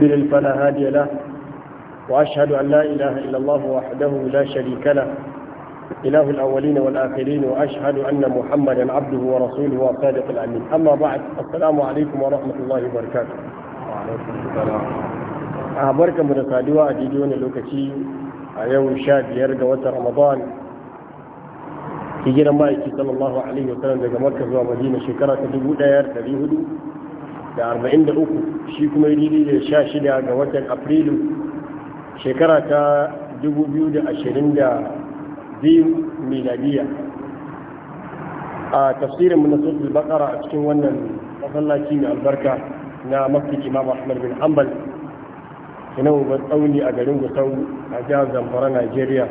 بلل فلا هادي له وأشهد أن لا إله إلا الله وحده لا شريك له إله الأولين والآخرين وأشهد أن محمد عبده ورسوله وصادق الأمين أما بعد السلام عليكم ورحمة الله وبركاته a barka mu da saduwa a didiyo wani lokaci a yau sha biyar ga wata ramadan ki gidan ma'aiki sallallahu alaihi wa sallam daga makka zuwa madina shekara ta dubu ɗaya da da arba'in da uku shi kuma yi daidai da sha shida ga watan afrilu shekara ta dubu biyu da ashirin da biyu miladiya a tafsirin mu na bakara a cikin wannan masallaci mai albarka na mafi imam ahmad bin hanbal ina uban tsauni a garin gusau a jihar zamfara najeriya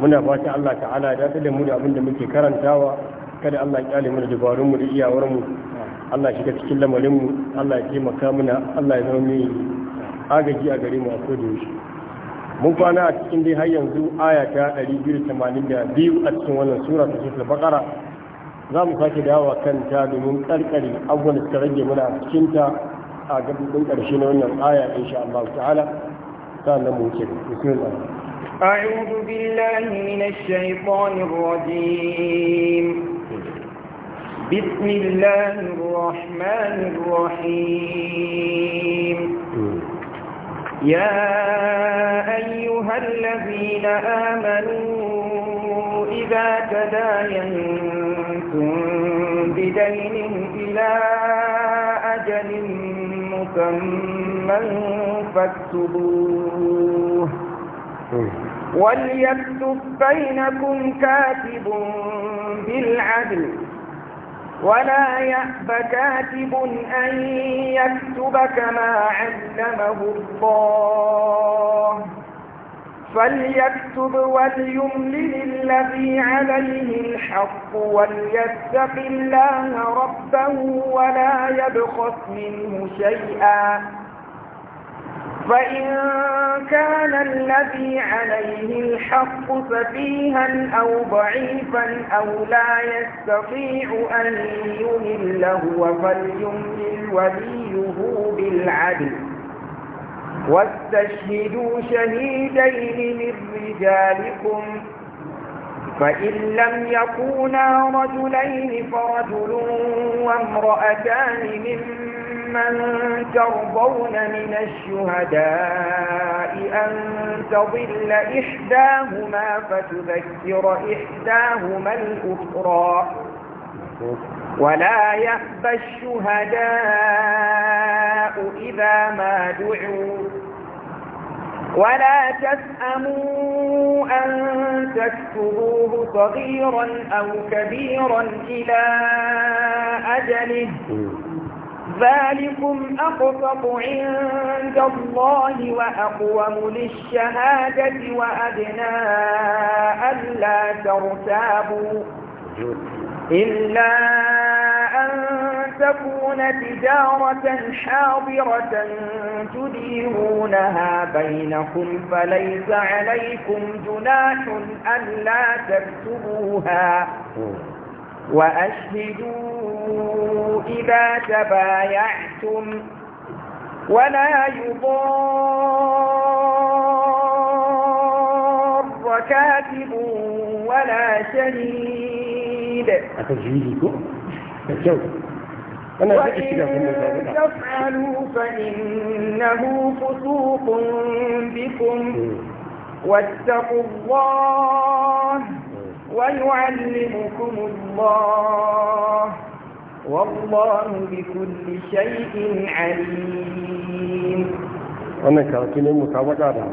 muna fata allah ta'ala ya da mu da abin da muke karantawa kada allah ya kyale mu da dabarun da iyawar mu Allah shiga cikin lamarinmu Allah ya taimaka muna Allah ya zama mai agaji a gare mu a koda yaushe mun kwana a cikin dai har yanzu aya ta 282 a cikin wannan sura ta sura bakara za mu sake dawowa kanta domin karkare abubuwan da suka rage mana a cikin ta a gaban karshe na wannan aya insha Allah ta'ala sannan mu wuce bismillah أعوذ بالله من الشيطان الرجيم بسم الله الرحمن الرحيم يا أيها الذين آمنوا إذا تداينتم بدين إلى أجل مسمى فاكتبوه وليكتب بينكم كاتب بالعدل ولا يأب كاتب أن يكتب كما علمه الله فليكتب وليملل الذي عليه الحق وليتق الله ربه ولا يبخس منه شيئا فإن كان الذي عليه الحق سفيها أو ضعيفا أو لا يستطيع أن يمل هو فليمل وليه بالعدل واستشهدوا شهيدين من رجالكم فإن لم يكونا رجلين فرجل وامرأتان ممن من ترضون من الشهداء أن تضل إحداهما فتذكر إحداهما الأخرى ولا يأبى الشهداء إذا ما دعوا ولا تسأموا أن تكتبوه صغيرا أو كبيرا إلى أجله ذلكم أقسط عند الله وأقوم للشهادة وأدنى ألا ترتابوا إلا أن تكون تجارة حاضرة تديرونها بينكم فليس عليكم جناح ألا تكتبوها وأشهدوا إذا تبايعتم ولا يضار كاتب ولا شهيد أتجهيدكم وإن تفعلوا فإنه فسوق بكم واتقوا الله ويعلمكم الله والله بكل شيء عليم wannan karatu ne mutabaka da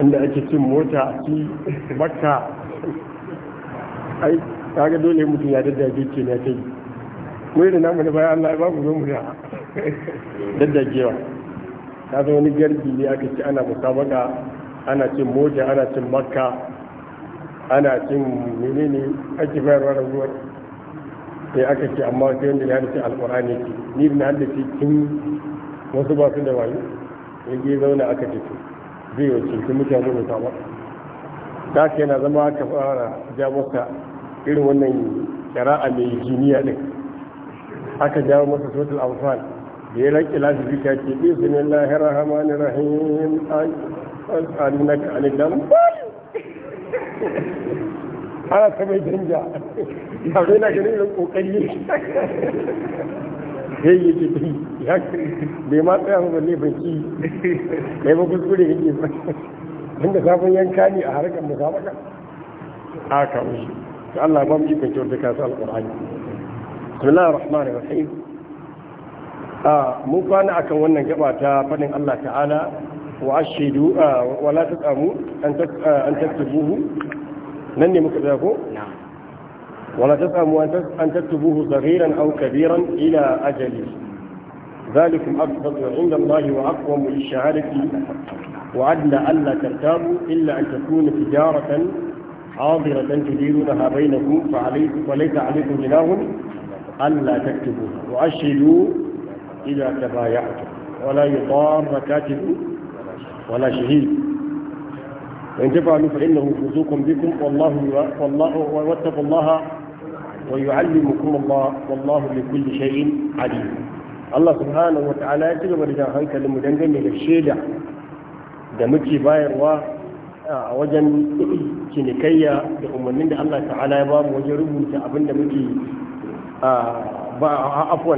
inda ake cin mota a ci bakka ai kaga dole mutum ya daddage ce na kai mu da namu da bayan Allah ba ku zo mu da daddagewa ta zo wani garbi ne aka ci ana mutabaka ana cin mota ana cin baka. ana cin menene ake bayarwa raguwar sai aka ce amma sai wanda ya hadace alkur'ani ce ni na hadace tun wasu ba su da wayo ya je zauna aka ce to zai wacce ki mutane da sama ta ke na zama aka fara ja masa irin wannan kira'a mai jiniya din aka jawo masa sotul amfan da ya rake lafi ta ce bismillahir rahmanir rahim an alunaka anil ana ta mai danja ya zai na ganin irin kokari ya yi ke ta ya bai ma tsaya ba balle baki mai ba kuskure yake ba inda sabon yanka ne a harkar musabaka a kawo shi ta Allah ba mu yi kwanciyar da kasu alƙur'ani bismillahir rahmanir rahim a ah, mun kwana akan wannan gaba ta fadin Allah ta'ala وأشهدوا آه، ولا تتأموا آه، أن تكتبوه نني مكتبه نعم ولا تتأموا أن تكتبوه صغيرا أو كبيرا إلى أجله ذلكم أفضل عند الله وأقوم للشهادة وعدل ألا ترتابوا إلا أن تكون تجارة حاضرة تديرونها بينكم فعليك وليس عليكم جناه ألا تكتبوها وأشهدوا إذا تبايعتم ولا يضار كاتب ولا شهيد وإن تفعلوا فإنه فزوق بكم والله والله واتقوا الله ويعلمكم الله والله بكل شيء عليم Allah subhanahu wa ta'ala ya ci gaba da jan hankalinmu dangane da shaida da muke bayarwa a wajen cinikayya da umarnin da Allah ta'ala ya bamu wajen rubuta abinda da muke ba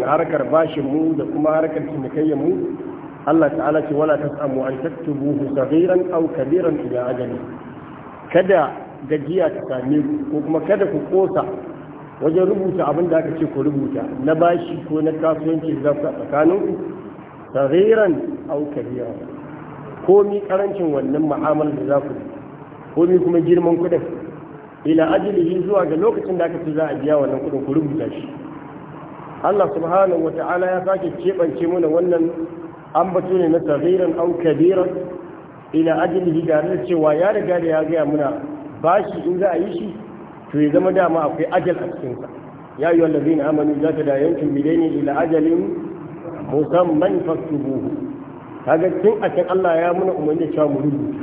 harkar bashin mu da kuma harkar cinikayyar mu Allah ta'ala ce wala tas'amu an taktubuhu saghiran aw kabiran ila ajali kada gajiya ta same ku ko kuma kada ku kosa wajen rubuta abin da aka ce ku rubuta na bashi ko na kasuwanci da ku tsakanin ku saghiran aw kabiran komi karancin wannan mu'amala da za ku komi kuma girman kudin ila ajalihi zuwa ga lokacin da aka ce za a biya wannan kudin ku rubuta shi Allah subhanahu wa ta'ala ya sake keɓance mana wannan an batu ne na taghiran au kabiran ila ajlihi da cewa ya riga da ya gaya muna bashi in za a yi shi to ya zama dama akwai ajal a cikin sa ya Amani za ta da tadayantum bidaini ila ajalin musamman faktubuhu kaga tun a can Allah ya muna umarni cewa mu rubuta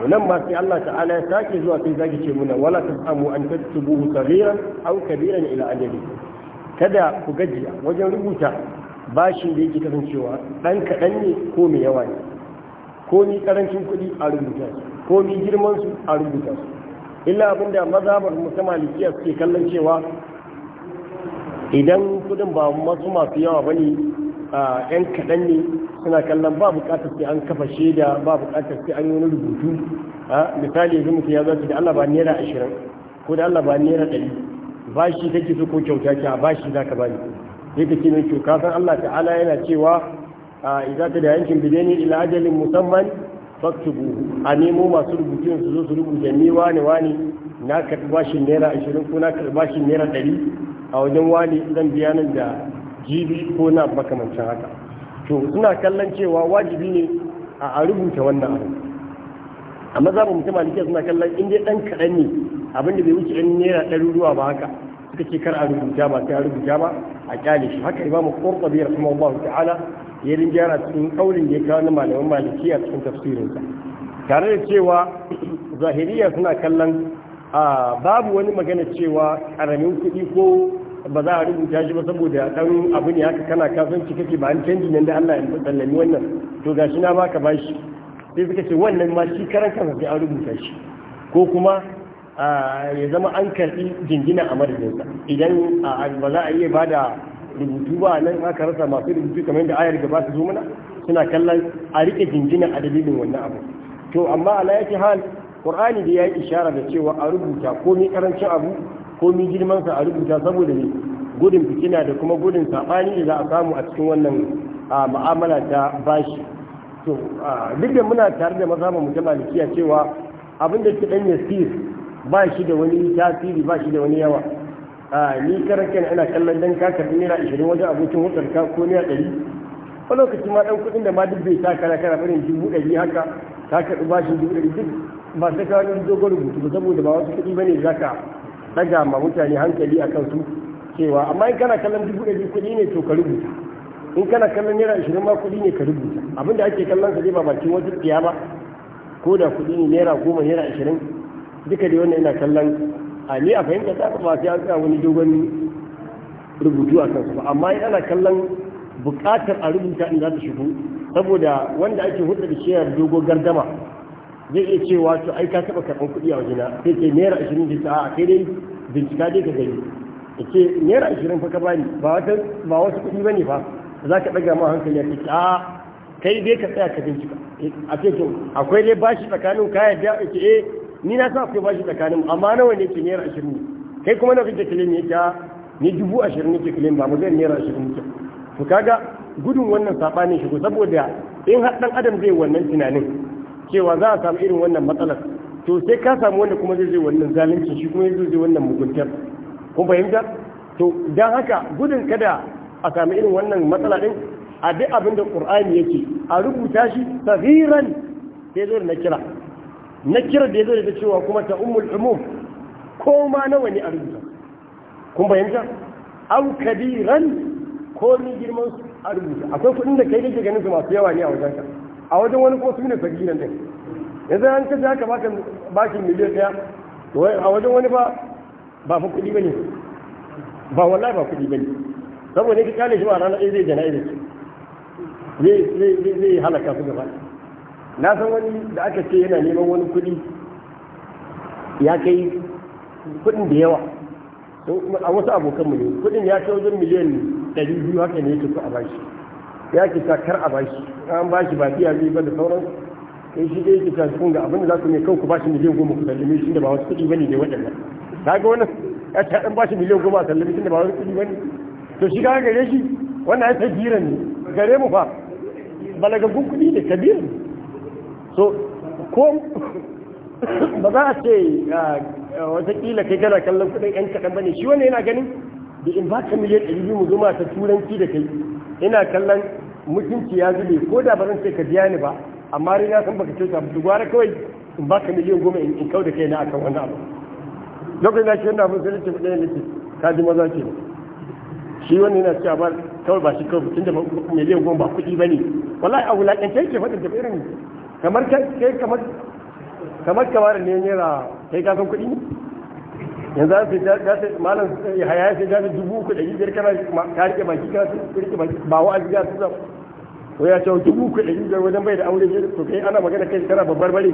to nan sai Allah ta'ala ya sake zuwa sai zaki ce muna wala tasamu an taktubuhu saghiran aw kabiran ila ajali kada ku gajiya wajen rubuta shi da yake kasancewa ɗan kaɗan ne ko mai yawa ne ko ni ƙarancin kuɗi a rubuta su ko ni girman su a rubuta su illa abinda mazhabar mutum malikiya suke kallon cewa idan kuɗin ba masu masu yawa ba ne a yan kaɗan ne suna kallon ba buƙatar sai an kafa shaida ba buƙatar sai an yi wani rubutu misali yanzu mutum ya zaci da Allah ba naira ashirin ko da Allah ba naira ɗari bashi kake so ko kyauta ce a bashi za ka bani yake ka ce mai cuka san Allah ta'ala yana cewa a idza ta da yankin bidani ila ajalin musamman faktubu a nemo masu rubutu su zo su rubuta ni wani wani na karɓi shi naira ashirin ko na karɓi shi naira ɗari a wajen wani zan biya nan da jibi ko na makamancin haka to suna kallon cewa wajibi ne a rubuta wannan abu amma za mu mutum a suna kallon in dai ɗan kaɗan ne abinda bai wuce ɗan naira ɗaruruwa ba haka suka ce kar a rubuta ba sai a rubuta ba a kyale shi haka imam qurtubi rahimahullahu ta'ala ya rinjara cikin kaulin da ya kawo na malaman a cikin tafsirinsa tare da cewa zahiriya suna kallon babu wani magana cewa karamin kuɗi ko ba za a rubuta shi ba saboda dan abu ne haka kana kasance kake ba an canji nan da Allah ya sallami wannan to gashi na baka bashi sai suka ce wannan ma shi karan kansa sai an rubuta shi ko kuma ya zama an karɓi jingina a madadinsa idan ba za a iya ba da rubutu ba nan aka rasa masu rubutu kamar da ayar gaba su zo mana suna kallon a riƙe jingina a dalilin wannan abu to amma ala yake hal qur'ani da ya yi ishara da cewa a rubuta ko mi karancin abu ko girman girmansa a rubuta saboda ne gudun fitina da kuma gudun saɓani da za a samu a cikin wannan ma'amala ta bashi to duk da muna tare da mazhaban mu ta cewa abin da ke dan yasir ba shi da wani tasiri ba shi da wani yawa a ni karankan ana kallon dan ka karbi naira ishirin wajen abokin wutar ka ko naira ɗari wani lokacin ma ɗan kuɗin da ma duk bai sa kana kana farin dubu ɗari haka ka karɓi bashin dubu ɗari duk ba sai ka wani dogon rubutu ba saboda ba wasu kuɗi bane za ka ɗaga ma mutane hankali a kan kansu cewa amma in kana kallon dubu ɗari kuɗi ne to ka rubuta in kana kallon naira ishirin ma kuɗi ne ka rubuta abinda ake kallon ka dai ba bakin wata tsiya ba ko da kuɗi ne naira goma naira ashirin duka da wannan yana kallon a ni a fahimta ta kuma sai an tsaya wani dogon rubutu a kansu ba amma ana kallon buƙatar a rubuta in za ta shigo saboda wanda ake hudu da shi dogo gardama zai iya cewa to ai ka taɓa karɓar kuɗi a wajena sai ce naira ashirin da ta a kai dai bincika dai ka gani ya ce naira ashirin fa ka bani ba wasu kuɗi ba ne fa za ka ɗaga ma hankali a kai a kai dai ka tsaya ka bincika a ce to akwai dai bashi tsakanin ka yadda ake eh ni na sa akwai bashi tsakanin amma nawa ne ke naira ashirin kai kuma na fita kilin ne ta ni dubu ashirin ne ke kilin ba mu zai naira ashirin ne to kaga gudun wannan ne shigo saboda in har adam zai wannan tunanin cewa za a samu irin wannan matsalar to sai ka samu wanda kuma zai zai wannan zalunci shi kuma zai zai wannan muguntar kun fahimta to don haka gudun kada a samu irin wannan matsala din a duk abin da ƙur'ani yake a rubuta shi safiran sai zo na kira na kira da ya zai da cewa kuma ta umul umum ko ma na wani a kun bayanta an kabiran ko ni girman su a akwai kuɗin da kai kake ganin su masu yawa ne a wajen ka a wajen wani kuma su ne nan dai yanzu an kace haka baka bakin miliyan daya a wajen wani ba ba fa kuɗi bane ba wallahi ba kuɗi bane saboda ka kyale shi ba ranar ɗaya zai da zai zai halaka su gaba ɗaya na san wani da aka ce yana neman wani kuɗi ya kai kuɗin da yawa a wasu abokanmu ne kuɗin ya kai wajen miliyan ɗari biyu haka ne yake so a bashi ya ke sa kar a bashi an bashi ba fiya zai ba da sauran kai shi dai yake sa kun ga abin da za ku ne ku bashi miliyan goma ku sallame shi da ba wasu kudi bane ne waɗannan ta ga wannan ya ta ɗan bashi miliyan goma a sallame shi da ba wasu kudi bane to shi ka gare shi wannan ya ta jiran ne gare mu fa balagaggun kuɗi ne Kabiru. so ko ba za a ce ah, watakila kai kana kallon kudin yan kaɗan ba ne shi wani yana ganin da in ka miliyan ɗari biyu mu zuma ta turanci da kai ina kallon mutunci ya zube ko da ba zan ce ka biya ni ba amma rai na san baka kyauta ba gwara kawai in ka miliyan goma in kau da kai na akan wannan abu lokacin da shi wannan abin sai ce kuɗin nake ka ji maza ce shi wani yana cewa ba kawai ba shi kawai tun da miliyan goma ba kuɗi ba ne wallahi a wulaƙance yake faɗin da irin kamar kai kamar kamar kamar ne naira kai ka san kuɗi ne yanzu an sai da sai malam eh, haya sai da dubu uku da biyar kana ka rike baki ka rike baki ba wa aziga su da ko ya ce dubu uku da biyar wajen bai da aure ne to kai ana magana kai kana babbar bare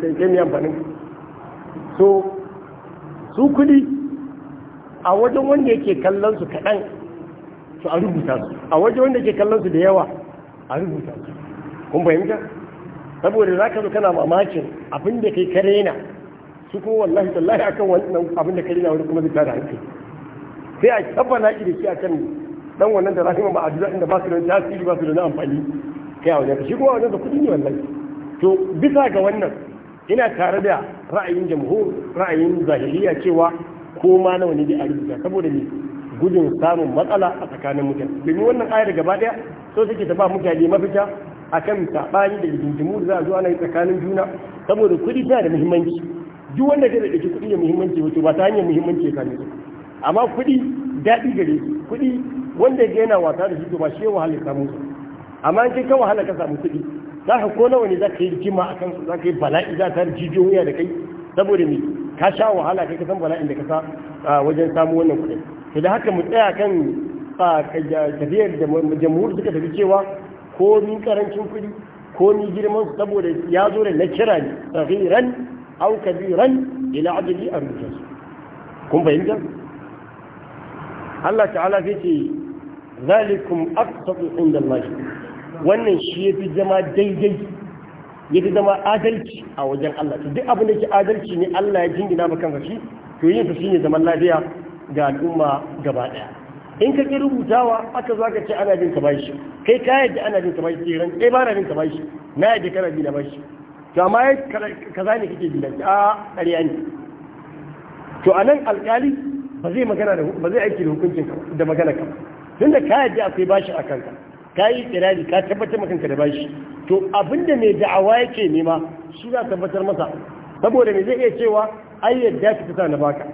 kai kai ne amfanin so su kuɗi a wajen wanda yake kallon su kaɗan su a rubuta su a wajen wanda yake kallon su da yawa a rubuta su kun fahimta saboda za ka zo kana mamakin abin da kai kare na su kuma wallahi tallahi akan wannan abin da kare na wani kuma zai tara hankali sai a na ki da shi akan dan wannan da rahima ba a duka inda ba su da tasiri ba su da amfani kai a wajen shi kuma wajen da kudi ne wallahi to bisa ga wannan ina tare da ra'ayin jamhur ra'ayin zahiriya cewa ko ma nawa ne da a saboda ne gudun samun matsala a tsakanin mutane domin wannan ayar gaba daya so take ta ba mutane mafita akan saɓani da jinjimu da za a zuwa ana yi tsakanin juna saboda kuɗi tana da muhimmanci duk wanda ka ɗauki kuɗi da muhimmanci wato ba ta hanyar muhimmanci ya same su amma kuɗi daɗi gare su kuɗi wanda ya yana wasa da shi to ba shi wahala ya samu su amma in kai ka wahala ka samu kuɗi za ka ko nawa ne za ka yi jima a kansu za ka yi bala'i za ta jijiyoyin wuya da kai saboda me ka sha wahala kai ka san bala'in da ka sa wajen samu wannan kuɗin to da haka mu tsaya kan tafiyar da jamhur suka tafi cewa ko ni karancin kuɗi ko ni girman su saboda ya zo da na kira ne tsagiran au kabiran ila ajali a rubuta kun fahimta Allah ta'ala zai ce zalikum aqsatu inda Allah wannan shi ya fi zama daidai ya fi zama adalci a wajen Allah to duk abin da ke adalci ne Allah ya jingina maka shi to yin su shine zaman lafiya ga al'umma gaba daya in ka ki rubutawa aka zo ka ce ana bin ka bashi kai ka yadda ana bin ka bashi sai ran kai ba na bin ka bashi na yadda kana bi na bashi to amma kaza ne kake bi na a ƙarya ne to a nan alƙali ba zai magana da ba zai aiki da hukuncin ka da magana ka tunda ka yadda akwai bashi a kanka ka yi kirari ka tabbatar maka kanka da bashi to abinda mai da'awa yake nema su za tabbatar masa saboda mai zai iya cewa ai yadda ka ta na baka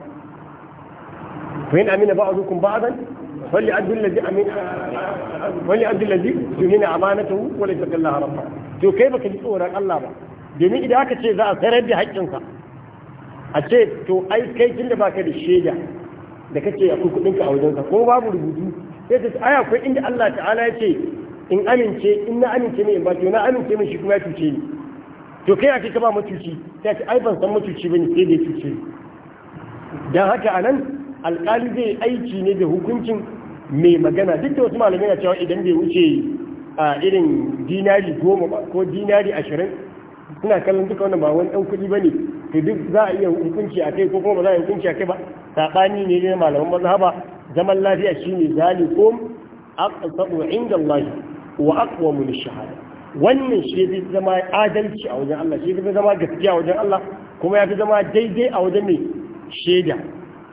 fa in amina ba'dukum ba'dan falli abdul ladhi amin falli abdul ladhi jumina amanatahu wa laysa billahi rabba to kai baka ji tsoron Allah ba domin idan aka ce za a sarar da haƙƙinka a ce to ai kai tunda baka da shaida da kake akwai kuɗinka a wajensa ko babu rubutu sai ta aya akwai inda Allah ta'ala ya ce in amince in na amince ne in ba to na amince min shi kuma ya cuce ni to kai ake ka ba mutuci sai ce ai ban san mutuci bane sai da ya cuce ni dan haka anan alƙali zai aiki ne da hukuncin mai magana duk da wasu malamai na cewa idan bai wuce a irin dinari goma ba ko dinari ashirin suna kallon duka wannan ba wani ɗan kuɗi ba ne to duk za a iya hukunci a kai ko kuma ba za a hukunci a kai ba saɓani ne na malaman ba zaman lafiya shine ko aqsadu inda Allah wa aqwamu lishahada wannan shi zai zama adalci a wajen Allah shi zai zama gaskiya a wajen Allah kuma ya fi zama daidai a wajen mai shaida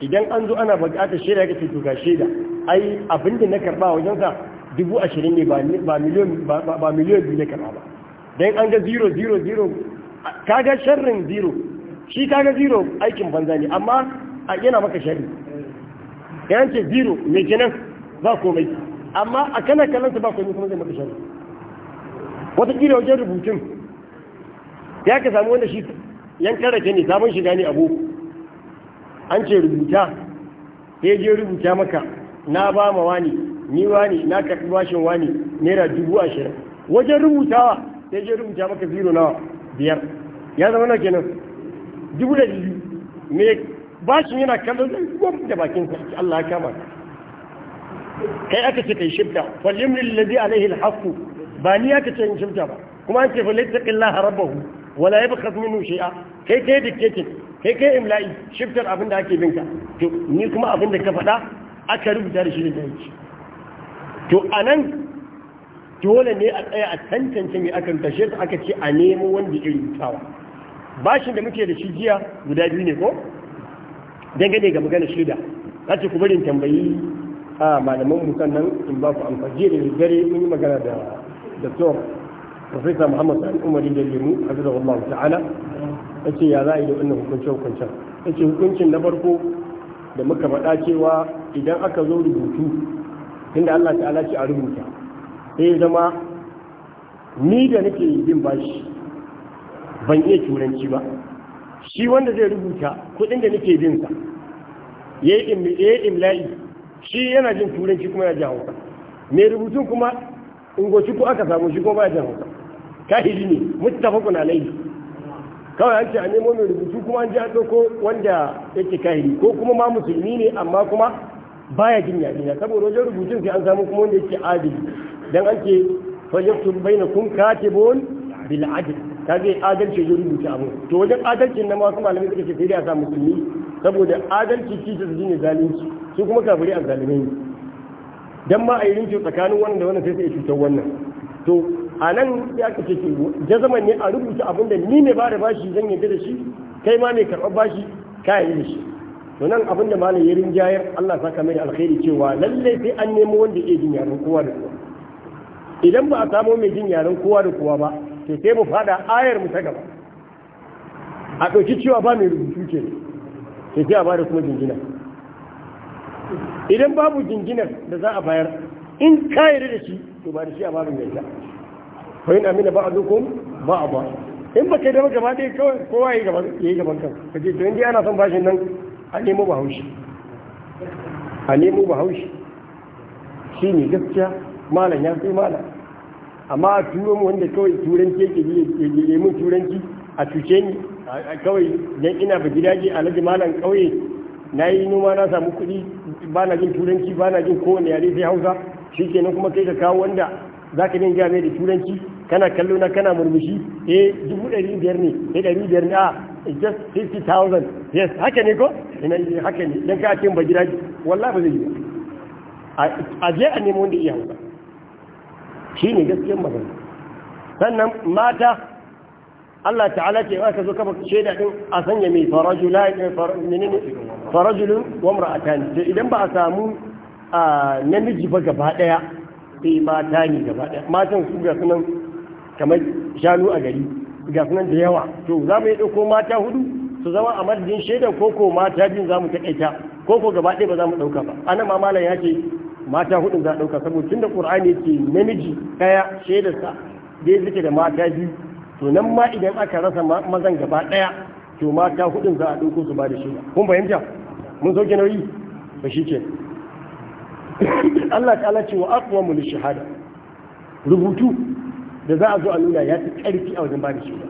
idan an zo ana bukatar shaida ka ce to ga shaida ai da na karba wajen sa dubu ashirin ne ba miliyon ba miliyon biyu na karba ba dan an ga zero zero zero kaga sharrin zero shi kaga zero aikin banza ne amma yana maka sharri yan ce zero mai kenan ba komai amma a kana kallon ba komai kuma zai maka sharri wata kira wajen rubutun ya ka samu wanda shi yan karake ne sabon shiga ne abu an ce rubuta ya je rubuta maka na ba ma wani ni wani na karɓi bashin wani naira dubu ashirin wajen rubutawa ya je rubuta maka zero nawa biyar ya zama na kenan dubu da biyu me bashin yana kallon da gwam da bakin Allah ya kama kai aka ce kai shifta falimlil ladhi alaihi alhaqu ba ni aka ce in shifta ba kuma an ce falittaqi Allah rabbahu wala yabkhaz minhu shay'a kai kai dictated kai kai imla'i shiftar abin da ake bin ka to ni kuma abin da ka faɗa aka rubuta da shi da yanki to a nan dole ne a tsaya a tantance mai aka rubuta shi aka ce a nemo wanda ya rubutawa bashin da muke da shi jiya guda biyu ne ko dangane ga magana shida za ce ku barin tambayi a malaman mu sannan in ba ku amfani da dare mun yi magana da da professor muhammad sa'ad umar da lemu azizahu allah ta'ala ta ce ya za a yi da wannan hukuncin-hukuncin Ya ce hukuncin na farko da muka faɗa cewa idan aka zo rubutu inda Allah ta'ala ce a rubuta sai zama ni da nake bin bashi ban iya turanci ba shi wanda zai rubuta kuɗin da nake bin sa ya yi imla'i shi yana jin turanci kuma ya ji hauka mai rubutun kuma in ko aka samu shi ko ba jin hausa kahiri ne muttafaqun laifi. kawai ake a nemo mai rubutu kuma an ji a ɗauko wanda yake kahiri ko kuma ma musulmi ne amma kuma baya jin yaƙi saboda wajen rubutun sai an samu kuma wanda yake adili dan an ce bai baina kun katibun bil adil ta zai adalci ya rubuta abu to wajen adalcin na masu malamai suka ce sai dai a sa musulmi saboda adalci kisa su ne zalunci su kuma kafiri a zalimai don dan ma a yi rinci tsakanin wannan da wannan sai sai cutar wannan to a nan ya kace ke jazaman ne a rubuta abin da ni mai ba da bashi zan yadda da shi kai ma mai karɓar bashi ka yi da shi to nan abin da malam ya rinjayar Allah saka mai alkhairi cewa lalle sai an nemo wanda ke jin yaran kowa da kowa idan ba a samu mai jin yaran kowa da kowa ba to sai mu fada ayar mu ta gaba a ɗauki cewa ba mai rubutu ke sai sai a bada kuma jingina idan babu jinginar da za a bayar in ka yarda da shi to ba da shi a babin yarda a zukun ba a ba in ba ke dama gaba dai kawai kowa ya yi yayi gaban kan kaje to indai ana son bashin nan a nemo bahaushe a nemo haushi shi ne gaskiya malam ya sai malam amma a turo mu wanda kawai turanci yake yi ya mun turanci a cuce ni a kawai dan ina ba ji alhaji malam kauye na yi noma na samu kuɗi ba na jin turanci ba na jin kowane yare sai hausa shi kenan kuma kai ka kawo wanda za ka dinga mai da turanci kana kallo na kana murmushi eh dubu ɗari biyar ne eh ɗari biyar ne a ah, just fifty thousand yes haka ne ko ina ne haka ne dan ka ce ba gida wallahi ba zai yi a je a nemo wanda iya hauka shi ne gaskiyar magana sannan mata Allah ta'ala ce ka zo kafa shaida din a sanya mai farajula menene farajulun wa mar'atan to idan ba a samu ah, namiji ba gaba daya sai mata ne gaba daya matan su ga sunan kamar shanu a gari ga sunan da yawa to za mu yi ɗauko mata hudu su zama a madadin shaidar koko mata biyun za mu taƙaita koko gaba ɗaya ba za mu ɗauka ba ana ma malam ya ce mata hudun za a ɗauka saboda tun da ƙur'ani ce namiji ɗaya shaidarsa ya suke da mata biyu to nan ma idan aka rasa mazan gaba ɗaya to mata hudun za a ɗauko su ba da shaida kun fahimta mun sauke nauyi ba shi ke Allah ta ce wa aqwamu lishahada rubutu da za a zo a nuna ya fi ƙarfi a wajen bada shaida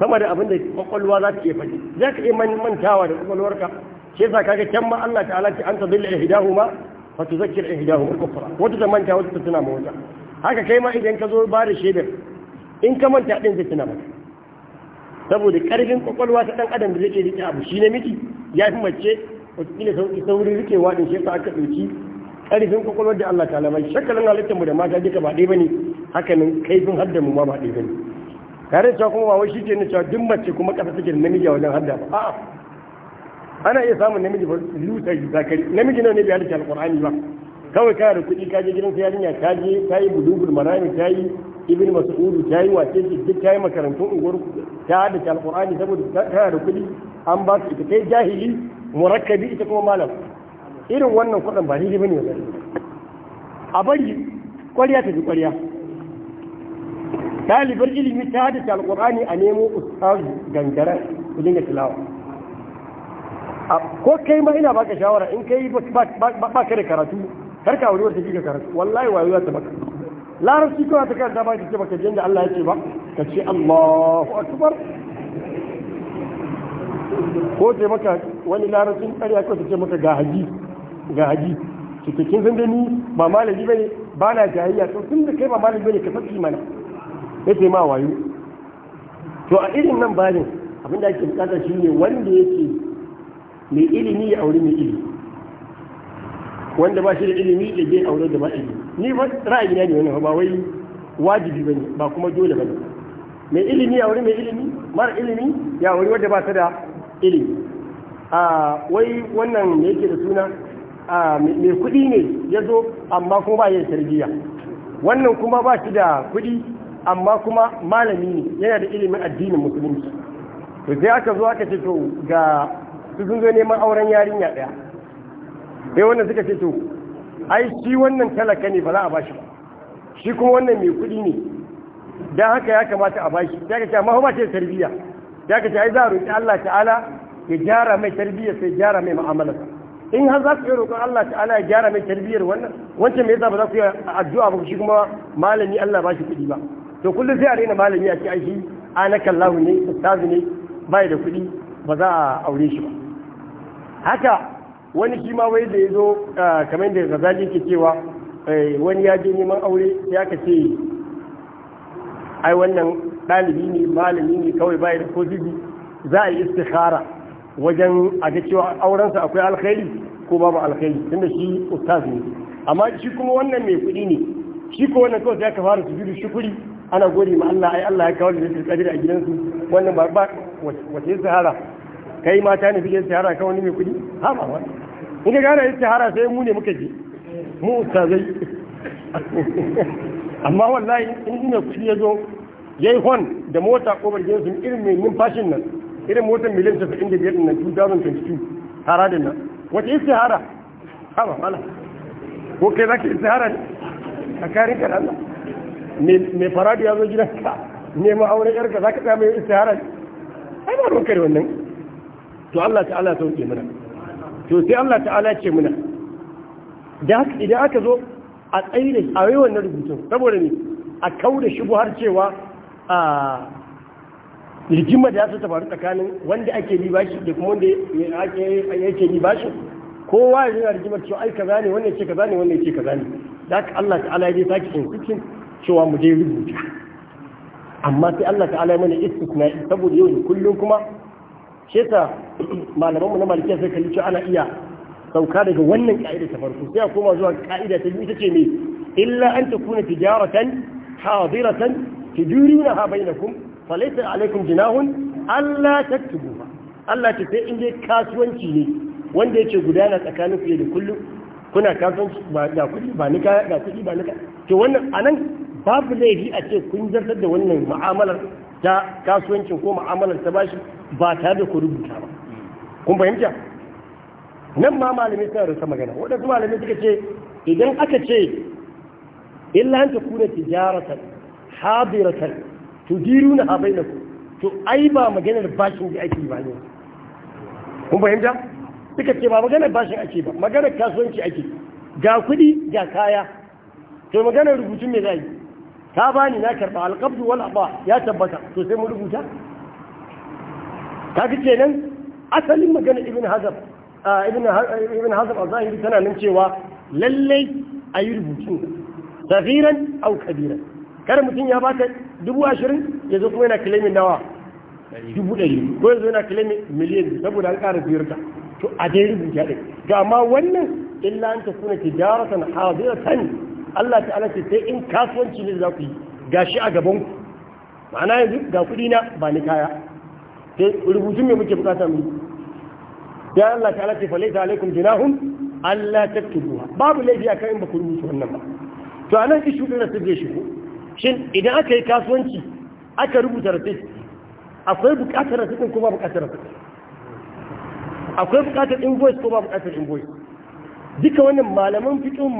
sama da abin da kwakwalwa za ta iya faɗi za ka iya mantawa da kwakwalwarka shi yasa kaga can ma Allah ta'ala ce an tadilla ihdahuma fa tuzakkir ihdahuma al-ukhra wata ta manta wata ta tuna ma wata haka kai ma idan ka zo ba da shaidar in ka manta din zai tuna maka saboda karfin kwakwalwa ta dan adam da zai rike abu shi ne miki ya fi mace wataƙila sauƙi saurin rikewa din shi yasa aka ɗauki karfin kwakwalwar da Allah ta'ala bai shakkalin halittar mu da mata duka ba ɗaya bane hakanan kaifin hadda mu ma ba ɗaya bane tare cewa kuma ba wai shi ke na cewa duk mace kuma ƙasa take namiji a wajen hadda ba a'a ana iya samun namiji ba lutar zakari namiji ne bai halitta alƙur'ani ba kawai kana da kuɗi kaje gidan sai yarinya kaje ta yi budugul marami ta yi masu mas'ud ta yi wace ce duk ta yi makarantun unguwar ta hada ta alqur'ani saboda kana da kuɗi an ba su ita kai jahili murakkabi ita kuma malam irin wannan kuɗin ba ba ne ba a bari kwariya ta ji kwariya. ɗalibar ilimi ta ta alƙur'ani a nemo ustaz gangaren ku dinga tilawa ko kai ma ina baka shawara in kai ba ka da karatu kar ka aure wata kika karatu wallahi wayo ta baka larabci kawai ta karanta ba ka ce baka jin da Allah yake ba ka ce Allahu akbar ko ce maka wani larabcin ƙarya ko ta ce maka ga haji ga haji cikin sun da ni ba malami bane ba na jahiliya to tun da kai ba malami bane ka faɗi mana yake ma wayo to a irin nan bayan abinda ake bukata shi ne wanda yake mai ilimi ya auri mai ilimi wanda ba shi da ilimi ya je aure da ba ilimi ni ba ra'ayi na ne wani ba wai wajibi bane ba kuma dole bane mai ilimi ya auri mai ilimi mara ilimi ya auri wanda ba ta da ilimi a wai wannan me yake da suna a mai kuɗi ne ya zo amma kuma ba yin sarjiya wannan kuma ba shi da kuɗi amma kuma malami ne yana da ilimin addinin musulunci to sai aka zo aka ce to ga su sun zo neman auren yarinya daya sai wannan suka ce to ai shi wannan talaka ne ba za a bashi ba shi kuma wannan mai kuɗi ne dan haka ya kamata a bashi ya ce amma ba ce tarbiyya ya ce ai za a roƙi Allah ta'ala ya gyara mai tarbiyya sai gyara mai mu'amala in har za ku yi roƙon Allah ta'ala ya gyara mai tarbiyyar wannan wancan me yasa ba za ku yi addu'a ba shi kuma malami Allah ba shi kuɗi ba to kullum sai a rena malami a ce a shi anakan kallahu ne ustazi ne bai da kuɗi ba za a aure shi ba haka wani shi ma wai da ya zo kamar da gazali ke cewa wani ya je neman aure ya ka ce ai wannan ɗalibi ne malami ne kawai bai da ko za a yi istikhara wajen a ga cewa aurensa akwai alkhairi ko babu alkhairi tunda shi ustaz ne amma shi kuma wannan mai kuɗi ne shi ko wannan kawai ya ka fara su judu shukuri ana gode ma Allah ai Allah ya kawo da shi kadir a gidansu wannan ba ba wace sahara kai mata ne suke sahara kawo ne mai kudi ha ba wa in ga gane sahara sai mu ne muka je mu ustazai amma wallahi in ne kudi ya zo yayi hon da mota ko bar gidansu irin mai numfashin nan irin motar miliyan 75 din nan 2022 tara din nan wace sahara ha ba wala ko kai zaki sahara ne a karin kan Allah mai faradu ya zo gidanka neman aure yarka za ka samu istihara ai ba ruwan kare wannan to Allah ta'ala wuce mana to sai Allah ta'ala ce mana da haka idan aka zo a tsaye a yi wannan rubutun saboda ne a kau da har cewa a rigima da ya sata faru tsakanin wanda ake yi bashi da kuma wanda yake yi bashi kowa ya zina rigimar cewa ai kaza ne wannan ce kaza ne wannan ce kaza ne da aka Allah ta'ala ya je sake in cikin cewa mu je rubuta amma sai Allah ta'ala mana istisna saboda yau da kullum kuma shi ta malamanmu na malikiya sai kalli cewa ana iya sauka daga wannan ka'ida ta farko sai a koma zuwa ka'ida ta biyu ita ce me illa an takuna tijaratan hadiratan tujuruna bainakum falaysa alaykum jinahun alla taktubuha Allah ta sai in dai kasuwanci ne wanda yake gudana tsakanin ku da kullum kuna kasuwanci ba da kuɗi ba ni kaya da kuɗi ba ni kaya to wannan anan babu laifi a ce kun zartar da wannan mu'amalar ta kasuwancin ko mu'amalar ta bashi ba tare da ku rubuta ba kun fahimta nan ma malamai suna rasa magana waɗansu malamai suka ce idan aka ce illa an ta kuna tijaratan hadiratan tudiruna ku to ai ba maganar bashin da ake ba ne kun fahimta suka ce ba maganar bashin ake ba maganar kasuwanci ake ga kuɗi ga kaya to maganar rubutun me za yi ka bani na karba alqabdu wal adha ya tabbata to sai mu rubuta kaga kenan asalin magana ibn hazab ibn hazab az-zahiri tana nan cewa lallai ayi rubutu safiran aw kabiran kar mutum ya baka dubu ashirin ya zo kuma yana kilimin nawa dubu ɗari ko yanzu yana kilimin miliyan saboda an ƙara biyarta to a dai rubuta ɗin ga ma wannan illa an ta kuna tijaratan hadiratan Allah ta'ala ce sai in kasuwanci ne za ku yi gashi a gaban ku ma'ana yanzu ga kuɗi na ba ni kaya sai rubutun me muke bukata mu da Allah ta'ala ce falaita alaikum jinahum Allah taktubuha babu laifi a kan ba ku rubutu wannan ba to anan ishu din rasul zai shigo shin idan aka yi kasuwanci aka rubuta rasul akwai bukatar rasul ko ba bukatar rasul akwai bukatar invoice ko ba bukatar invoice duka wannan malaman fikin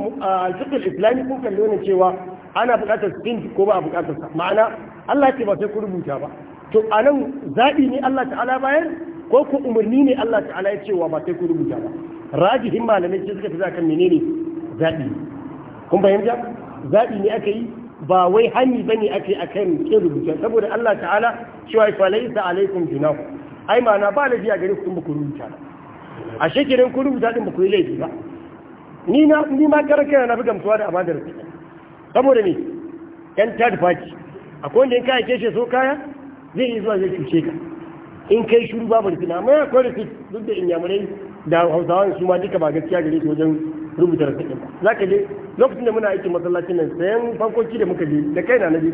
fikin islami kun kalli wannan cewa ana buƙatar sin ko ba a buƙatar sa ma'ana Allah ce ba sai ku rubuta ba to nan zaɓi ne Allah ta'ala bayar ko ku umarni ne Allah ta'ala ya cewa ba sai ku rubuta ba rajihin malamai ce suka fi zakan menene zaɓi kun fahimta zaɓi ne aka yi ba wai hani bane ake akan kin rubuta saboda Allah ta'ala cewa fa laysa alaikum junah ai ma'ana ba lafiya gare ku kun ba ku rubuta ashe kiran ku rubuta din ba ku yi laifi ba ni na ni ma karkara na fi gamsuwa da amanar saboda ne yan third faki akwai wanda in ka aike so kaya zai yi zuwa zai cuce ka in kai shuru babu rufina amma ya kawai su duk da inyamurai da hausawa su ma duka ba gaskiya gare su wajen rubuta rufin ba za ka je lokacin da muna aikin masallacin nan sayan fankoki da muka je da kai na na je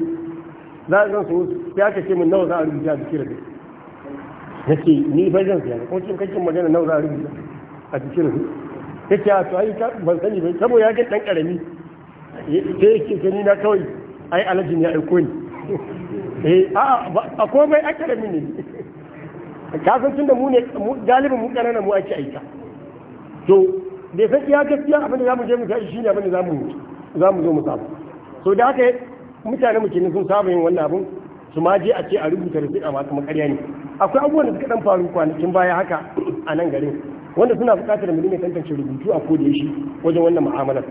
za a zan su sai aka ce min nawa za a rubuta a cikin rufin na ce ni bai zan siya ko kin kakin magana nawa za a rubuta a cikin rufin take ya to ai ban sani bai sabo ya ga dan karami sai yake gani na kawai ai alajin ya aiko ni eh a a komai a karami ne ka san tunda mu ne galibin mu kanana mu ake aika to da san iya gaskiya abin da zamu je mu sai shine abin da zamu zamu zo mu samu so da haka mutane mu kenan sun saba yin wannan abun su ma je a ce a rubuta rubuta ma kuma ƙarya ne akwai abubuwan da suka dan faru kwanakin baya haka a nan garin wanda suna buƙatar mu ne tantance rubutu a koda shi wajen wannan mu'amala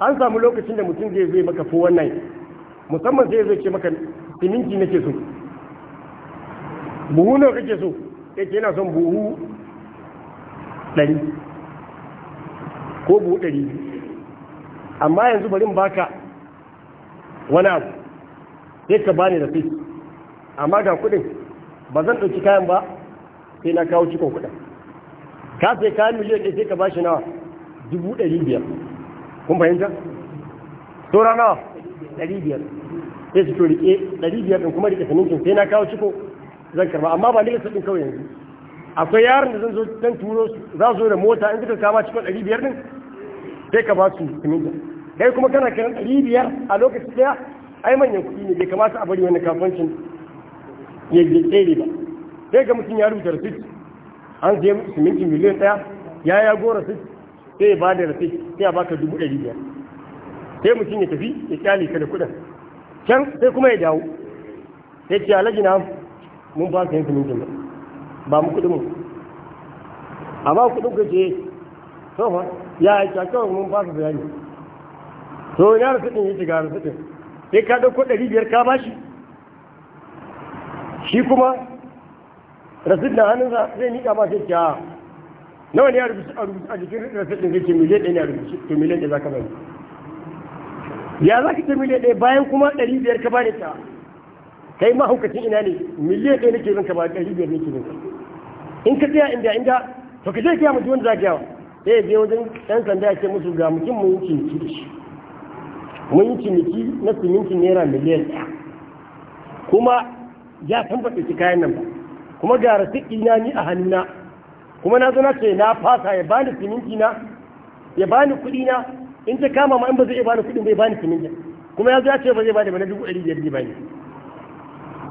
an samu lokacin da mutum zai zai maka fo wannan musamman zai zai ce maka siminti nake so buhu nawa kake so yake yana son buhu dari, ko buhu ɗari amma yanzu bari baka wani abu sai ka bani da fi amma ga kuɗin ba zan ɗauki kayan ba sai na kawo cikon kuɗin ka sai kayan miliyan ɗaya sai ka bashi nawa dubu ɗari biyar kun fahimta tora nawa ɗari biyar sai su to riƙe ɗari biyar ɗin kuma riƙe saninkin sai na kawo ciko zan karba amma ba nake sanin kawai yanzu akwai yaron da zan zo dan turo za zo da mota in suka kama cikin ɗari biyar ɗin sai ka ba su siminta kai kuma kana kiran ɗari biyar a lokaci ɗaya ai manyan kuɗi ne bai kamata a bari wani kafancin ya tsere ba sai ga mutum ya rubuta rasit an je siminti miliyan ɗaya ya ya gora su sai ya ba da rasit sai ya baka dubu ɗari biyar sai mutum ya tafi ya kyale ka da kuɗin can sai kuma ya dawo sai ce alaji na mun ba su yin simintin ba Ba mu kuɗin mu amma kuɗin ka ce to fa ya yi kyakkyawa mun ba su bayani to ina rasitin ya shiga rasitin sai ka ɗauko ɗari biyar ka ba shi shi kuma rasid na hannunsa zai miƙa ma sai ta ah, nawa ne a jikin rasid ɗin zai miliyan ɗaya ne a rubuce to miliyan ɗaya za ka bani ya za ka ce miliyan ɗaya bayan kuma ɗari biyar ka bani ta kai mahaukacin ina ne miliyan ɗaya nake zanka ba ɗari biyar nake zanka in ka tsaya inda inda to ka je kiya mutum wanda za ka yawa sai ya je wajen ɗan sanda ya ce musu ga mutum mun yi ciniki da shi mun yi ciniki na siminti naira miliyan ɗaya kuma ya san ba ɗauki kayan nan ba kuma ga rasiki na ni a hannuna kuma na zo na ce na fasa ya bani siminti na ya bani kuɗi na in ta kama ma in ba zai iya bani kuɗin bai bani siminti kuma ya zo ya ce ba zai bani ba na dubu ɗari biyar bani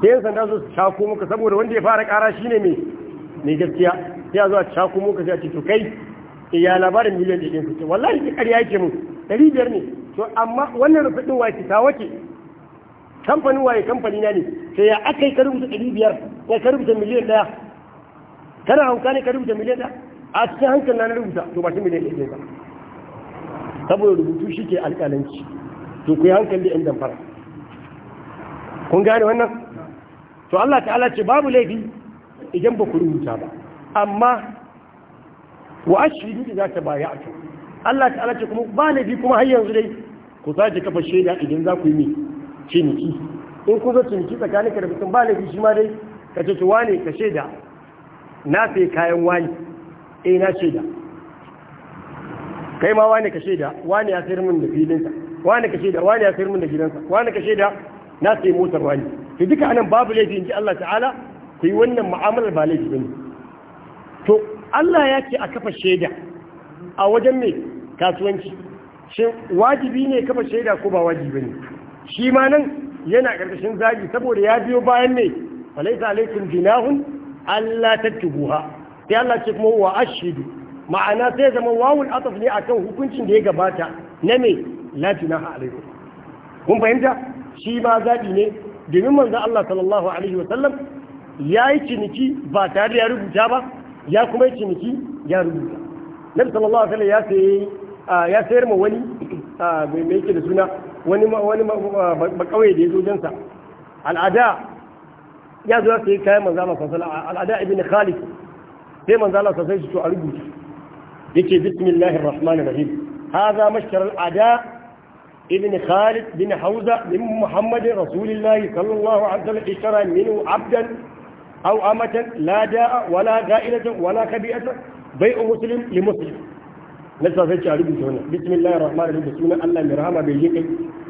sai yin sanda su cako muka saboda wanda ya fara ƙara shine mai mai gaskiya sai ya zo a cako muka sai a ce to kai eh, ya labarin miliyan ɗaya su ce wallahi ki ƙarya yake mun ɗari biyar ne to amma wannan rufiɗin wa ki tawake kamfanin waye kamfanin na ne sai ya aka yi ka rubuta ɗari biyar ya ka rubuta miliyan ɗaya kana hauka ne ka rubuta miliyan ɗaya a cikin hankali na rubuta to ba shi miliyan ɗaya ba saboda rubutu shi ke alƙalanci to ku yi hankali yan damfara kun gane wannan to Allah ta'ala ce babu laifi idan ba ku rubuta ba amma wa baya a tabaya'tu Allah ta'ala ce kuma ba laifi kuma har yanzu dai ku sake kafa shaida idan za ku yi ciniki in kun zo ciniki tsakanin ka da mutum ba laifi shi ma dai ka ce wani ka shaida na sai kayan wani eh na shaida kai ma wani ka shaida wani ya sayar min da filinsa wani ka shaida wani ya sayar min da gidansa wani ka shaida na sai motar wani to duka anan babu laifi in ji Allah ta'ala ku yi wannan mu'amalar ba laifi bane to Allah ya ce a kafa shaida a wajen mai kasuwanci shin wajibi ne kafa shaida ko ba wajibi ne shi ma nan yana ƙarƙashin zagi saboda ya biyo bayan ne falaisa alaikum jinahun Allah tattubuha sai Allah ce kuma wa ashidu ma'ana sai zama wawul ataf ne akan hukuncin da ya gabata na me la jinaha alaikum kun fahimta shi ma zaɓi ne domin manzo Allah sallallahu alaihi wa sallam ya yi ciniki ba tare da ya rubuta ba ya kuma yi ciniki ya rubuta nabi sallallahu alaihi wa sallam ya sayar ma wani mai yake da suna wani wani bakawai da ya zo jansa al'ada ya zo sai kayan manzo Allah sallallahu alaihi wasallam al'ada ibn Khalid sai manzo Allah sallallahu alaihi wasallam a rubuta yace bismillahir rahmanir rahim hadha mashkar al'ada ibn Khalid bin Hauza min Muhammad rasulillah sallallahu alaihi wasallam ishara minhu abdan aw amatan la da'a wala ga'ilatan wala kabi'atan bai'u muslim li muslim nasa sai a rubuta wannan bismillahir rahmanir rahim sunan Allah mai rahama bai yi kai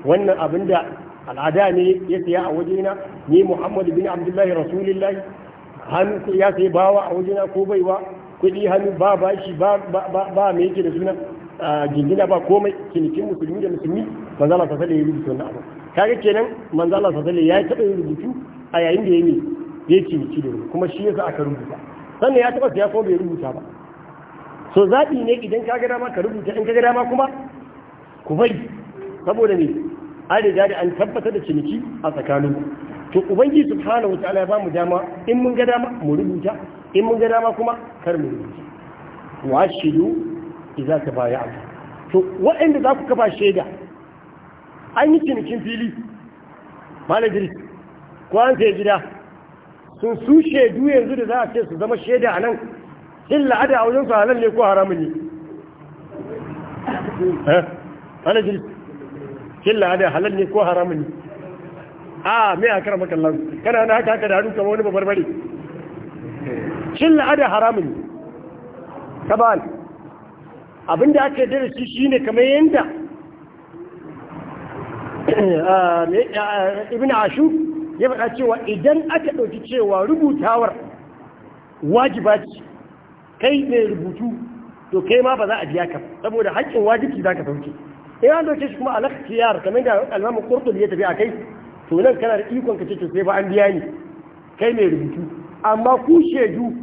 wannan abinda al'ada ne ya siya a wajena ni muhammadu bin abdullahi rasulillahi hannu ya sai bawa a wajena ko baiwa kuɗi hannu ba bashi ba ba me yake da suna gingina ba komai cinikin musulmi da musulmi manzo Allah sallallahu alaihi wasallam abu kaga kenan manzo Allah sallallahu alaihi ya taɓa yin rubutu a yayin da ya ne ya ciniki da kuma shi yasa aka rubuta sannan ya taɓa siya ko bai rubuta ba so zaɓi ne idan ka ga dama ka rubuta in ka ga dama kuma ku bari saboda ne an riga da an tabbatar da ciniki a tsakanin to ubangi subhanahu wataala ya ba mu dama in mun ga dama mu rubuta in mun ga dama kuma kar mu rubuta wa shidu idza tabaya'tu to waɗanda za ku kafa shaida an yi cinikin fili malajiri ko an sai gida sun su shaidu yanzu da za a ce su zama shaida anan nan shin la'ada a wajen su halal ne ko haramun ne eh, malajiri shin la'ada halal ne ko haramun ne a me a karama kallon kana na haka haka da hannu kamar wani babbar bari shin la'ada haramun ne kabal abinda aka yi darasi shi ne kamar yadda eh, eh, ibn ashu ya faɗa cewa idan aka ɗauki cewa rubutawar wajiba ce kai mai rubutu to kai ma ba za a biya ka saboda haƙƙin wajibi za ka sauke in eh, an doke shi kuma a lakciyar kamar da almamin kurtubi ya tafi a kai to nan kana da ikon ka ce to sai ba an biya ni kai mai rubutu amma ku shaidu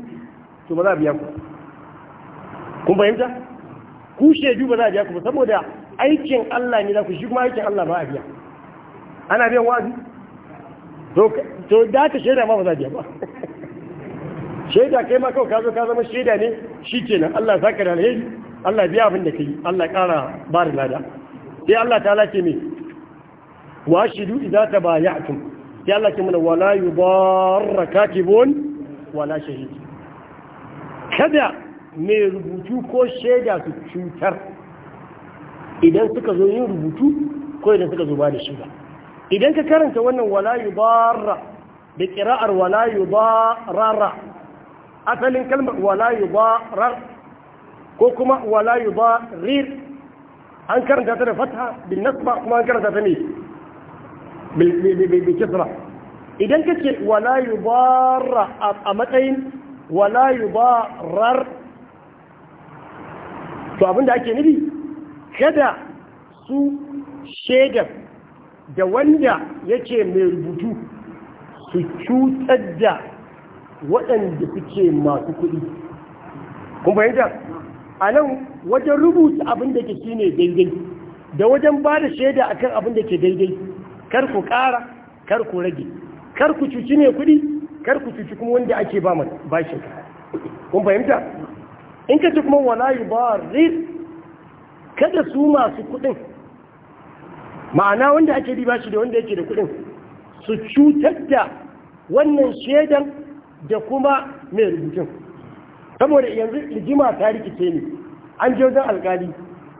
to ba za a biya ku kun fahimta ku shaidu ba za a biya ku saboda aikin Allah ne za ku shi kuma aikin Allah ba a biya ana biyan wazi to da ta shaida ma ba za a biya ba shaida kai ma kawai ka zo ka zama shaida ne shi kenan Allah zaka da alheri Allah biya abin da kai Allah ƙara ba da lada sai Allah ta lace me wa shidu idza tabaya'tum sai Allah ke mana wala yudarra katibun wala shahid kada mai rubutu ko shaida su cutar idan suka zo yin rubutu ko idan suka zo ba da shaida idan ka karanta wannan wala yudarra da qira'ar wala yudarra asalin kalmar wala yudarra ko kuma wala yudarrir an karanta ta da fatha bin nasba kuma an karanta ta ne bil kisra idan kace wala bara a matsayin wala barar to abinda ake nufi kada su shaidar da wanda yake mai rubutu su cutar da waɗanda suke masu kuɗi kun yadda a nan wajen rubuta abin da ke shi ne daidai da wajen ba da shaida a kan abin da ke daidai kar ku ƙara kar ku rage kar ku cuci ne kuɗi kar ku cuci kuma wanda ake ba bashin kun fahimta in ka ci kuma wala yi ba kada su masu kuɗin ma'ana wanda ake bi bashi da wanda yake da kuɗin su cutar da wannan shaidan da kuma mai rubutun saboda yanzu rigima ta rikice ne an je wajen alkali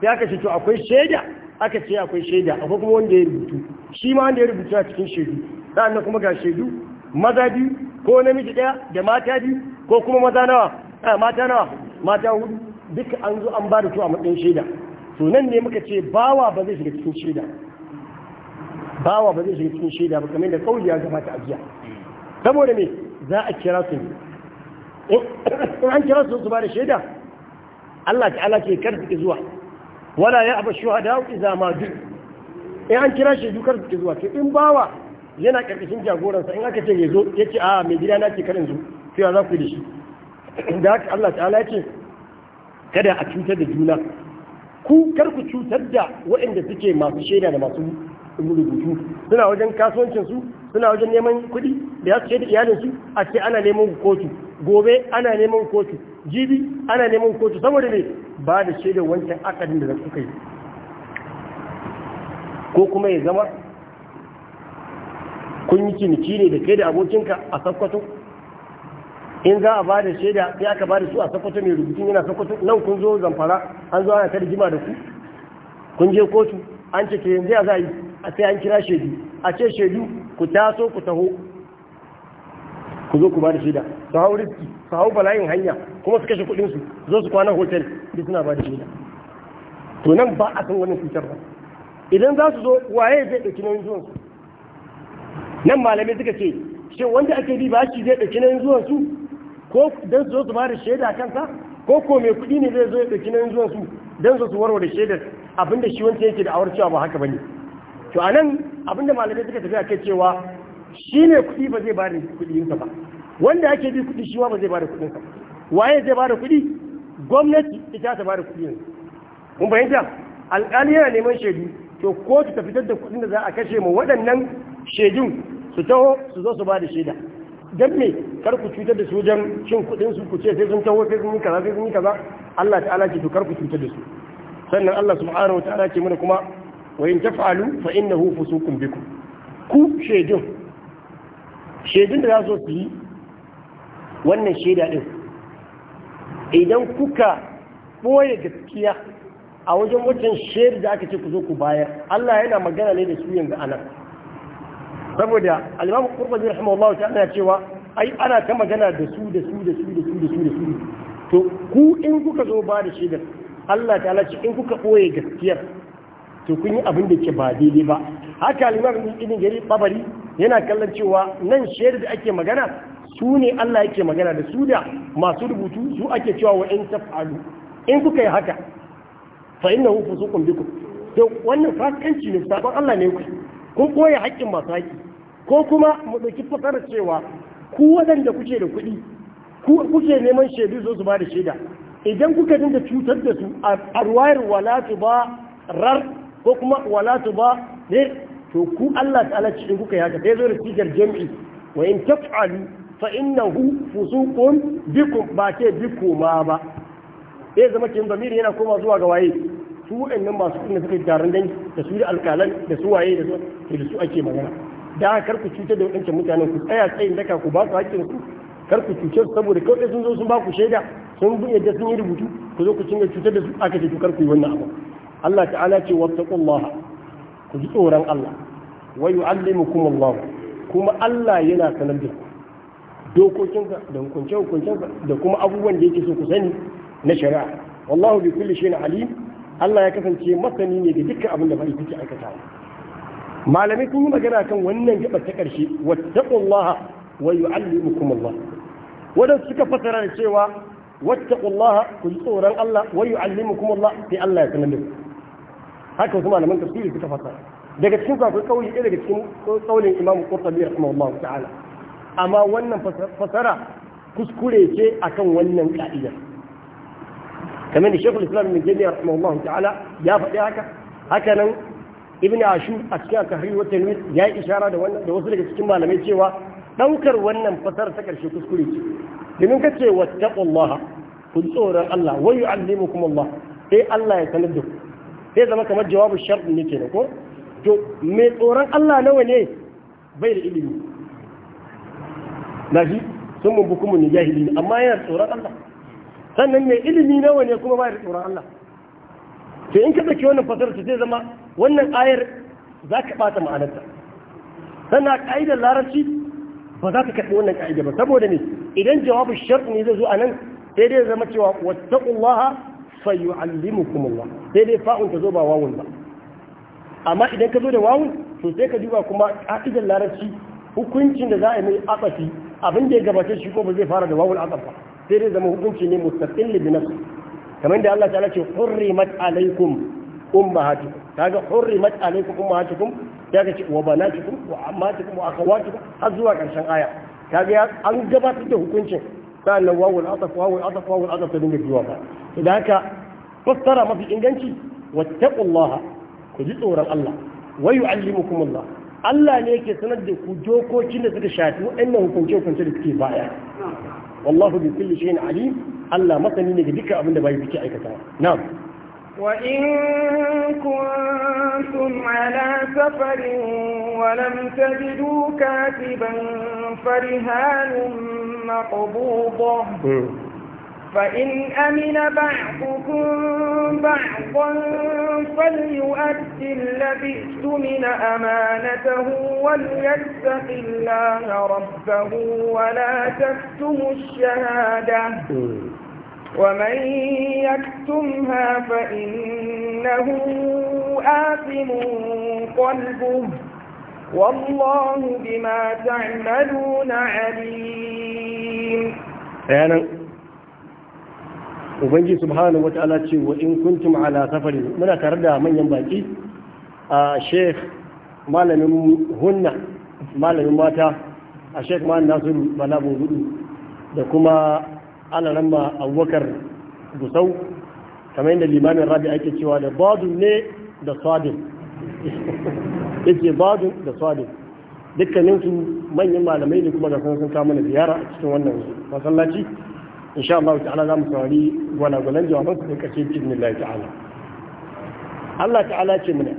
sai aka ce to akwai shaida aka ce akwai shaida akwai kuma wanda ya rubutu shi ma wanda ya rubutu a cikin shaidu sa'annan kuma ga shaidu maza biyu ko namiji daya da mata biyu ko kuma maza nawa mata nawa mata hudu duka an zo an ba da to a matsayin shaida to nan ne muka ce bawa ba zai shiga cikin shaida bawa ba zai shiga cikin shaida ba kamar da kauli ya gabata a jiya saboda me za a kira su in an kira su ba da shaida Allah ta'ala Ke kar su zuwa wala ya aba shuhada idza ma du in an kira shi dukar su zuwa to in bawa yana karkashin jagoransa in aka ce ya yace a mai gida na ce karin zu to ya za ku da shi da haka Allah ta'ala ce kada a cutar da juna ku kar ku cutar da waɗanda suke masu shaida da masu rubutu suna wajen kasuwancinsu suna wajen neman kuɗi da ya da iyalin iyalinsu a ce ana neman kotu gobe ana neman kotu jibi ana neman kotu saboda ne ba da shaidar wancan akadin da suka yi ko kuma ya zama kun yi ciniki ne da ke da abokinka a sakkwato in za a ba da shaida sai aka ba da su a sakkwato mai rubutun yana sakkwato nan kun zo zamfara an zo ana jima da ku kun je kotu an ce ke yanzu ya za a yi a sai an kira shaidu a ce shaidu ku taso ku taho ku zo ku ba da shaida su hau riski su hau bala'in hanya kuma su kashe kuɗin su zo su kwana hotel duk suna ba da shaida to nan ba a san wannan cutar ba idan za su zo waye zai ɗauki nauyin zuwan su nan malamai suka ce shi wanda ake bi ba shi zai ɗauki nauyin zuwan su ko dan su zo su ba da shaida kansa ko ko mai kuɗi ne zai zo ya ɗauki nauyin zuwan su dan su su warware shaidar abinda shi wancan yake da awar cewa ba haka bane to anan abinda malamai suka tafi a kai cewa shi ne kuɗi ba zai ba da kuɗinsa ba wanda ake bi kuɗi shi ba zai ba da kuɗinsa waye zai ba da kuɗi gwamnati ita ta ba da kuɗi yanzu kun fahimta alƙali yana neman shaidu to kotu ta fitar da kuɗin da za a kashe mu waɗannan shaidun su taho su zo su ba da shaida don me kar ku cutar da su wajen cin kuɗin su ku ce sai sun taho sai sun yi kaza sai sun yi kaza Allah ta'ala ce to kar ku cutar da su sannan Allah subhanahu wa ta'ala ce mana kuma wa in taf'alu fa innahu fusuqun bikum ku shaidun shaidun da za su yi wannan shaida ɗin idan kuka ɓoye gaskiya a wajen wajen shaida da aka ce ku zo ku bayar Allah yana magana ne da su yanzu anan saboda alimamu rahama Allah ta ana cewa ai ana ta magana da su da su da su da su da su da su to ku in kuka zo ba da shaidar Allah ta ce in kuka ɓoye gaskiyar to kun yi abin da ke ba daidai ba haka alimamu irin gari babari yana kallon cewa nan shaidar da ake magana su ne Allah yake magana da su da masu rubutu su ake cewa wa in taf'alu in kuka yi haka fa hu fusuqun bikum to wannan fasikanci ne sabon Allah ne ku kun koya haƙƙin masu haƙƙi ko kuma mu dauki fasarar cewa ku waɗanda kuke da kuɗi ku kuke neman shaidu zo su ba da shaida idan kuka dinga cutar da su a ruwayar wala ba rar ko kuma wala tu ba to ku Allah ta'ala cikin kuka yaka sai zai da sigar jami'i wa in taf'alu fa innahu fusuqun bikum ba ke ma ba sai zama kin zamiri yana koma zuwa ga waye su wa'annan masu kudin suka yi taron dangi da su da alƙalan da su waye da su da su ake magana da kar ku cuce da waɗancan mutanen ku tsaya tsayin daka ku ba su hakkin ku kar ku cuce su saboda kawai sun zo sun ba ku shaida sun bi yadda sun yi rubutu ku zo ku cinga cutar da su aka ce kar ku yi wannan abu Allah ta'ala ce wattaqullah ku ji tsoron Allah wa yu'allimukum Allah kuma Allah yana sanar da ku dokokinsa da hukunce hukuncensa da kuma abubuwan da yake so ku sani na shari'a wallahu bi kulli shay'in alim Allah ya kasance masani ne da dukkan abin da bai fice aikata malamai sun yi magana kan wannan gaba ta karshe wattaqullaha wa yu'allimukum Allah wadanda suka fasara da cewa wattaqullaha ku tsoron Allah wa yu'allimukum Allah sai Allah ya sanar da ku haka wasu malaman tafsiri suka fasara daga cikin akwai kauli ɗaya daga cikin kaulin imamu qurtubi rahimahullahu ta'ala amma wannan fasara kuskure ce akan wannan ka'idar kamar da shekul islam ibn jami'a rahimahullahu ta'ala ya faɗi haka haka nan ibn ashur a cikin tahrir wa tanwir ya yi ishara da wannan da wasu daga cikin malamai cewa daukar wannan fasara ta karshe kuskure ce domin ka ce taɓa allah kun tsoron Allah wa kuma Allah sai Allah ya sanar da ku sai zama kamar jawabin sharɗin ne ke ko to mai tsoron Allah nawa ne bai da ilimi na shi sun mun bukumun ya yi ne amma yana tsoron Allah sannan mai ilimi nawa ne kuma bai da tsoron Allah to in ka ɗauki wannan fasar ta zai zama wannan ayar za ka ɓata ma'anarta sannan ƙa'idar larabci ba za ka karɓi wannan ƙa'ida ba saboda ne idan jawabin sharɗi ne zai zo a nan sai dai zama cewa wattaqullaha fayyu'allimukumullah sai dai fa'un ta zo ba wawun ba amma idan ka zo da wawun to sai ka duba kuma ka'idar larabci hukuncin da za a yi mai atsafi abin da ya gabace shi ko ba zai fara da wawul atsaf ba sai dai zama hukunci ne mustaqil bi nafsi kamar da Allah ta'ala ce hurrimat alaikum ummahatukum kaga hurrimat alaikum ummahatukum kaga ce wa banatukum wa ammatukum wa akhawatukum har zuwa karshen aya kaga an gabatar da hukuncin sannan wawul ataf wawul ataf wawul ataf ta dinga biyowa ba idan haka fassara mafi inganci wattaqullaha ku ji tsoron Allah wayu wa yu'allimukumullah Allah ne yake sanar da ku dokokin da suka shafi waɗannan hukunce-hukunce da suke baya wallahu bi kulli shay'in alim Allah masani ne ga duka abin da bai fice aikata na'am wa in kuntum ala safarin wa lam tajidu katiban farihanun مقبوضة فإن أمن بعضكم بعضا فليؤد الذي اؤتمن أمانته وليتق الله ربه ولا تكتم الشهادة ومن يكتمها فإنه آثم قلبه والله بما تعملون عليم bayanan ubangi subhanahu wa ta'ala ce wa in kuntum ala safari muna tare da manyan baki a sheikh malamin hunna malamin mata a sheikh ma'an nasiru balabun gudu da kuma alaramba abubakar gusau kamar yadda limamin rabi ake cewa da badun ne da swadin yake badun da swadin dukkanin su manyan malamai ne kuma ga sun kama mana ziyara a cikin wannan masallaci sha Allah ta'ala za mu saurari gwanagwanan jawaban su da kace Allah ta'ala Allah ta'ala ce mana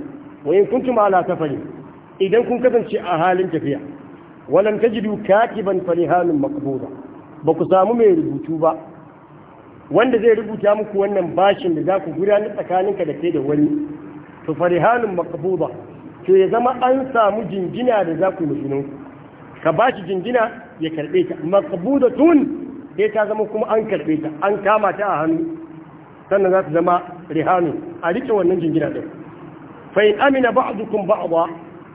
wa in kuntum ala safari idan kun kasance a halin tafiya walan tajidu katiban farihanun maqbuda ba ku samu mai rubutu ba wanda zai rubuta muku wannan bashin da za ku gudanar tsakaninka da kai da wani to farihanun maqbuda to ya zama an samu jingina da za ku musulun ka ba shi jingina ya karɓe ta makabuda tun sai ta zama kuma an karɓe ta an kama ta a hannu sannan za su zama rihanu a rike wannan jingina ɗin fa in amina ba'dukum ba'dha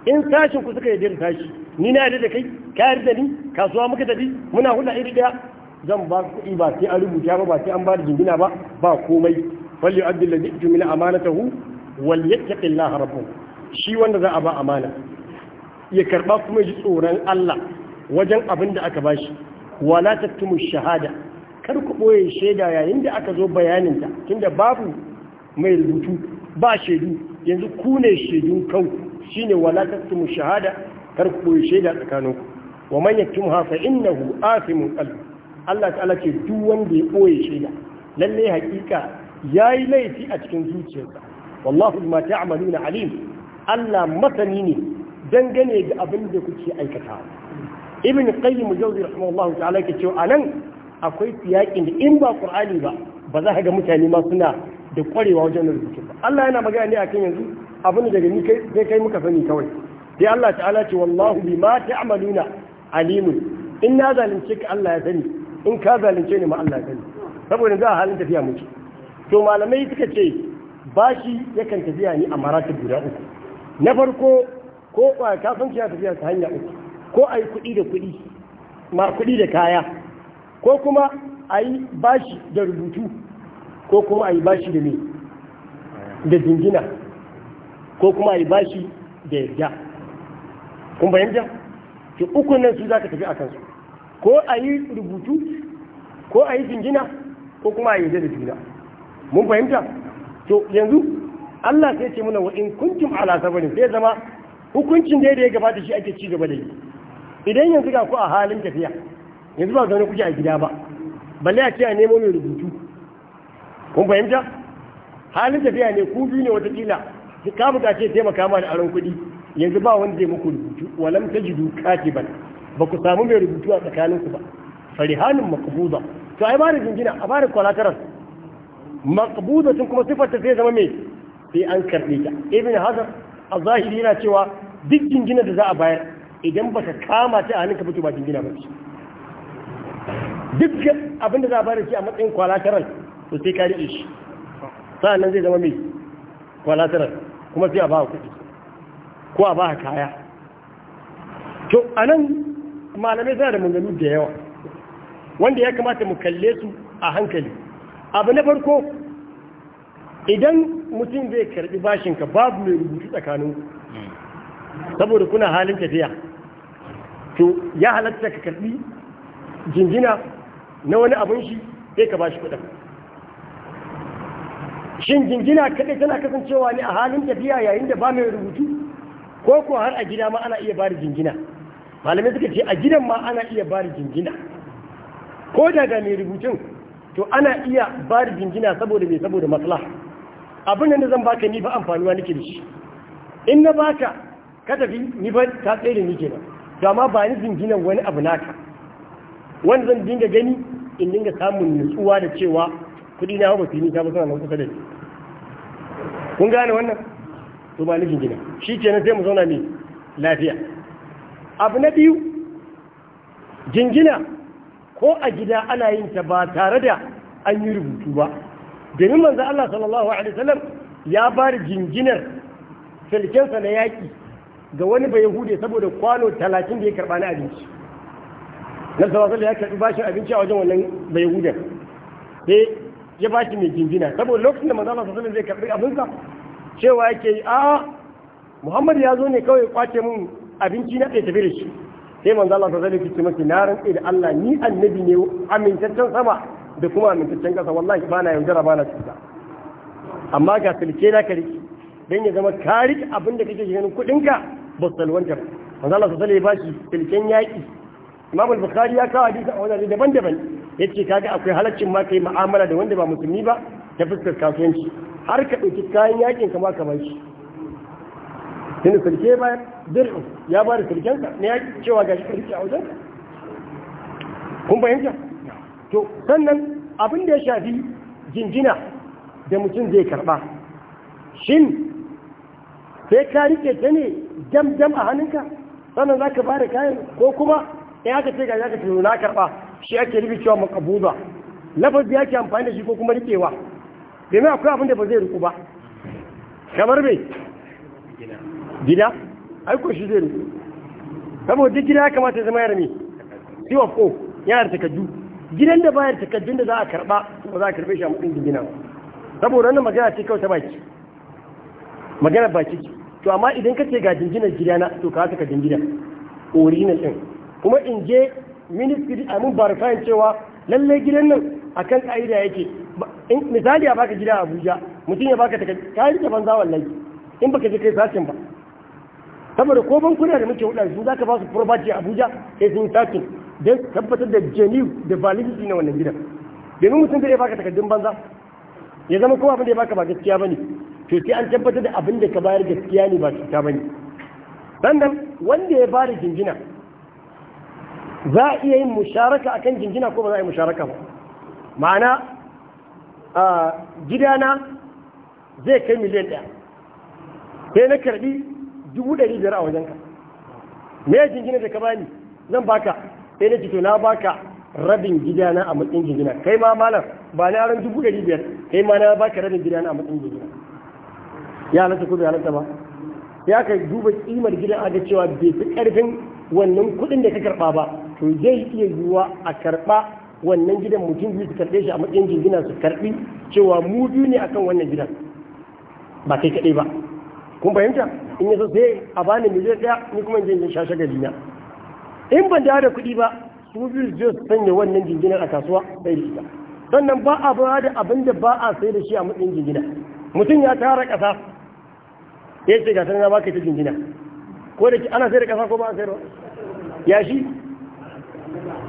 in tashin ku suka yarda da tashi ni na yadda da kai ka yarda ni kasuwa muka tafi muna hulɗa iri ɗaya zan ba ku kuɗi ba sai an rubuta ba ba sai an ba da jingina ba ba komai falli abdul ladhi tumina amanatahu wal yattaqillaha rabbuhu shi wanda za a ba amana ya karba kuma ji tsoron Allah wajen abin da aka bashi wala tattumu shahada kar ku boye shaida yayin da aka zo bayanin ta tunda babu mai rubutu ba shaidu yanzu ku ne shaidun kau shine wala tattumu shahada kar ku boye shaida tsakaninku wa man yaktumha fa innahu athimun qalbi Allah ta'ala ce duk wanda ya boye shaida lalle hakika yayi laifi a cikin zuciyarsa wallahu bima ta'maluna alim Allah masani ne dangane da abin da kuke aikata, ibn qayyim jawzi rahimahullah ta'ala yake cewa anan akwai siyakin da in ba qur'ani ba ba za ka ga mutane ma suna da kwarewa wajen rubutu ba Allah yana magana ne akan yanzu abin da ni kai sai kai muka sani kawai dai Allah ta'ala ce wallahu bima ta'maluna alimun in na zalunce ka Allah ya sani in ka zalunce ni ma Allah ya sani saboda za a halin tafiya muke to malamai suka ce bashi yakan tafiya ne a maratib guda uku na farko ko kasuwanci ya tafiya ta hanya uku ko a yi kuɗi da kuɗi ma kuɗi da kaya ko kuma a yi bashi da rubutu ko kuma a yi bashi da me da dingina, ko kuma a yi bashi da yadda kun bayyanta ki uku nan su za ka tafi a kansu ko a yi rubutu ko a yi dingina ko kuma a yi yadda da juna mun fahimta to yanzu Allah sai ce muna wa in kuntum ala sabarin sai zama hukuncin da ya gabata shi ake ci gaba da yi idan yanzu ga ku a halin tafiya yanzu ba zaune kuke a gida ba balle a ce a nemo mai rubutu kun fahimta halin tafiya ne ku biyu ne watakila ka bukace taimaka ma da aron kuɗi yanzu ba wanda zai muku rubutu walam tajidu katiban ba ku samu mai rubutu a tsakaninku ba farihanin maqbuda to ai ba da jingina a ba da kwalatarar maqbuda tun kuma sifar ta sai zama mai sai an karɓe ta ibn hazar a zahiri yana cewa duk jingina da za a bayar idan baka kama ta a hannunka fito ba jingina ba ce duk abin da za a bayar shi a matsayin kwalataral to sai ka riƙe shi nan zai zama mai kwalataral kuma sai a ba kuɗi ko a ba kaya to a nan malamai suna da maganganu da yawa wanda ya kamata mu kalle su a hankali abu na farko idan mutum zai karbi bashinka babu mai rubutu tsakanin saboda kuna halin tafiya to ya halatta ka karbi jinjina na wani abin shi sai ka bashi kudin shin jinjina kadai tana kasancewa ne a halin tafiya yayin da ba mai rubutu ko ko har a gida ma ana iya bari jingina malamai suka ce a gidan ma ana iya bari jingina ko daga mai rubutun to ana iya bari jingina saboda mai saboda maslaha abin da zan baka ni ba amfaniwa nake da shi in na baka ka tafi ni ba ta tsere ni kenan to amma ba ni zinginan wani abu naka wanda zan dinga gani in dinga samun nutsuwa da cewa kuɗi na ba su yi ta ba suna nan kusa da ni kun gane wannan to ba ni jingina shi kenan sai mu zauna ne lafiya abu na biyu jingina ko a gida ana yin ta ba tare da an yi rubutu ba domin manzo Allah sallallahu alaihi wasallam ya ba da jinginar filkensa na yaƙi ga wani bai hude saboda kwano talatin da ya karɓa na abinci na sallallahu ya karbi bashin abinci a wajen wannan bai hude sai ya ba shi mai jingina saboda lokacin da manzo Allah sallallahu alaihi wasallam zai karɓi abinsa cewa yake a Muhammad ya zo ne kawai kwace mun abinci na ɗaya tafi da shi sai manzo Allah sallallahu alaihi wasallam ya ce masa na rantsa da Allah ni annabi ne amintaccen sama da kuma amintaccen kasa wallahi ba na yaudara ba na cuta amma ga silke na ka riki don ya zama ka riki abin da kake ganin kuɗinka ba su salwantar manzo Allah sallallahu ya bashi silken yaƙi Imam al-Bukhari ya kawo hadisi a wajen daban-daban yace kaga akwai halaccin ma kai mu'amala da wanda ba musulmi ba ta fuskar kasuwanci har ka ɗauki kayan yakin kama ka bashi tun sulke bayan dir'u ya ba da sulkensa na yaƙi cewa ga shi rike a wajenka kun fahimta to sannan abin da ya shafi jinjina da mutum zai karba shin sai ka rike ta ne jam jam a hannunka sannan za ka ba da kayan ko kuma in aka ce ga za ka ce na karba shi ake rubi cewa makabuza lafazi ake amfani da shi ko kuma rikewa domin akwai abin da ba zai riku ba kamar mai gida aiko shi zai riku saboda gida ya kamata zama mai. siwa ko yana da takaddu gidan da bayar takaddun da za a karba ba za a karbe shi a mutum jingina saboda wannan magana ce kawai ta baki magana baki ce to amma idan ka ce ga jinginar gidana to ka haka jingina original din kuma in je ministry a mun barifayin cewa lallai gidan nan akan ka'ida yake misali a baka gida a Abuja mutum ya baka takaddun ka rike banza wallahi in baka je kai sashin ba saboda ko bankuna da muke hudu su ka ba su property a Abuja sai sun sashin don tabbatar da jami'u da validity na wannan gidan domin mutum zai baka takardun banza ya zama kuma abin da ya baka ba gaskiya bane to sai an tabbatar da abin da ka bayar gaskiya ne ba cuta bane sannan wanda ya bada jinjina za a iya yin musharaka akan jinjina ko ba za a yi musharaka ba ma'ana gidana zai kai miliyan ɗaya sai na karbi dubu ɗari biyar a wajenka me jinjina da ka bani zan baka sai da to na baka rabin gidana a matsayin jingina kai ma malam ba na yaran dubu ɗari biyar kai ma na baka rabin gidana a matsayin jingina ya halatta kuma bai halatta ba ya kai duba kimar gidan ga cewa bai fi ƙarfin wannan kuɗin da ka karɓa ba to zai iya yiwuwa a karɓa wannan gidan mutum biyu su karɓe shi a matsayin jingina su karɓi cewa mu biyu ne akan wannan gidan ba kai kaɗai ba kun fahimta in yasa sai a bani miliyan ɗaya ni kuma in je in shashe gari na in ban da kuɗi ba su biyu zai sanya wannan jinginar a kasuwa sai da ita sannan ba a ba da abin da ba a sai da shi a matsayin jingina mutum ya tara ƙasa ya ce gasar na baka ta jingina ko da ana sai da ƙasa ko ba a sayar ba ya shi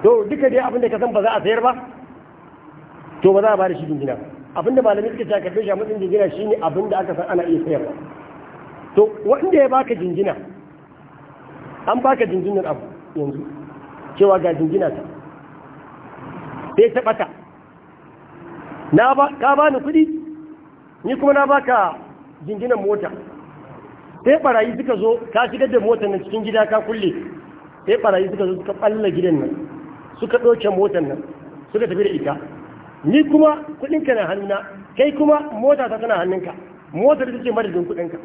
to duka dai abin da ka san ba za a sayar ba to ba za a ba da shi jingina abin da malamai suka ce a karfe shi a matsayin jingina ne abin da aka san ana iya sayarwa to wanda ya baka jingina an baka jinginar abu yanzu cewa ga jingina ta sai ta bata na ba ka bani kuɗi ni kuma na baka jinginan mota sai barayi suka zo ka shigar da motar nan cikin gida ka kulle sai barayi suka zo suka balla gidan nan suka ɗauke motar nan suka tafi da ita ni kuma kuɗinka na hannuna kai kuma mota ta tana hannunka motar ta ce madadin kuɗinka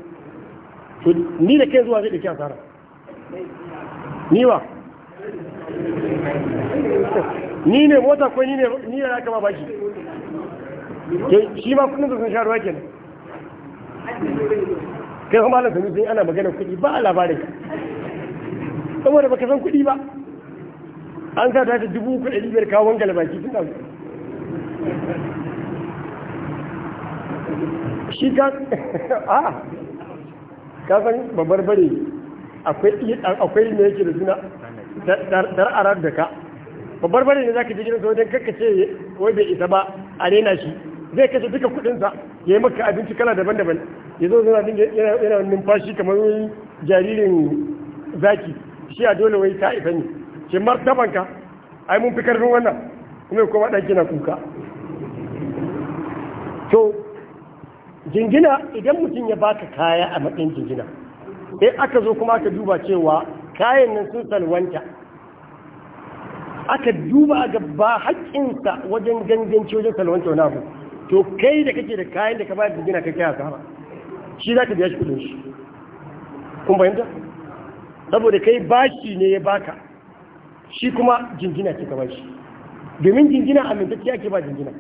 ni da kai zuwa zai ɗauki asara ni wa ni ne mota ko ni ne ni ne aka ba baki shi ma kudin sun sha ruwa kenan kai kuma Allah sanu sai ana magana kuɗi ba a labarin Kuma saboda baka san kuɗi ba an sa ta dubu uku da biyar kawo wangala baki tun da shi ka a ka san babbar bare akwai ne yake da suna dar'arar da ka babbar bari ne za ka jirgin gidansa kakka ce wai bai isa ba a nena shi zai kashe duka kudinsa ya yi maka abinci kala daban-daban ya zo zana dinga yana numfashi kamar jaririn zaki shi a dole wai ta isa ne shi martabanka ai mun fi karfin wannan kuma kuma ɗaki na kuka to jingina idan mutum ya baka kaya a matsayin jingina sai aka zo kuma aka duba cewa kayan nan sun salwanta aka duba ga ba haƙƙinsa wajen ganganci wajen salwanta wani abu to kai da kake da kayan da ka bayar da gina ka kai ba shi za ka biya shi kudin shi kun bayanta saboda kai bashi ne ya baka shi kuma jingina ce ka bashi domin jingina amintacciya ke ba jingina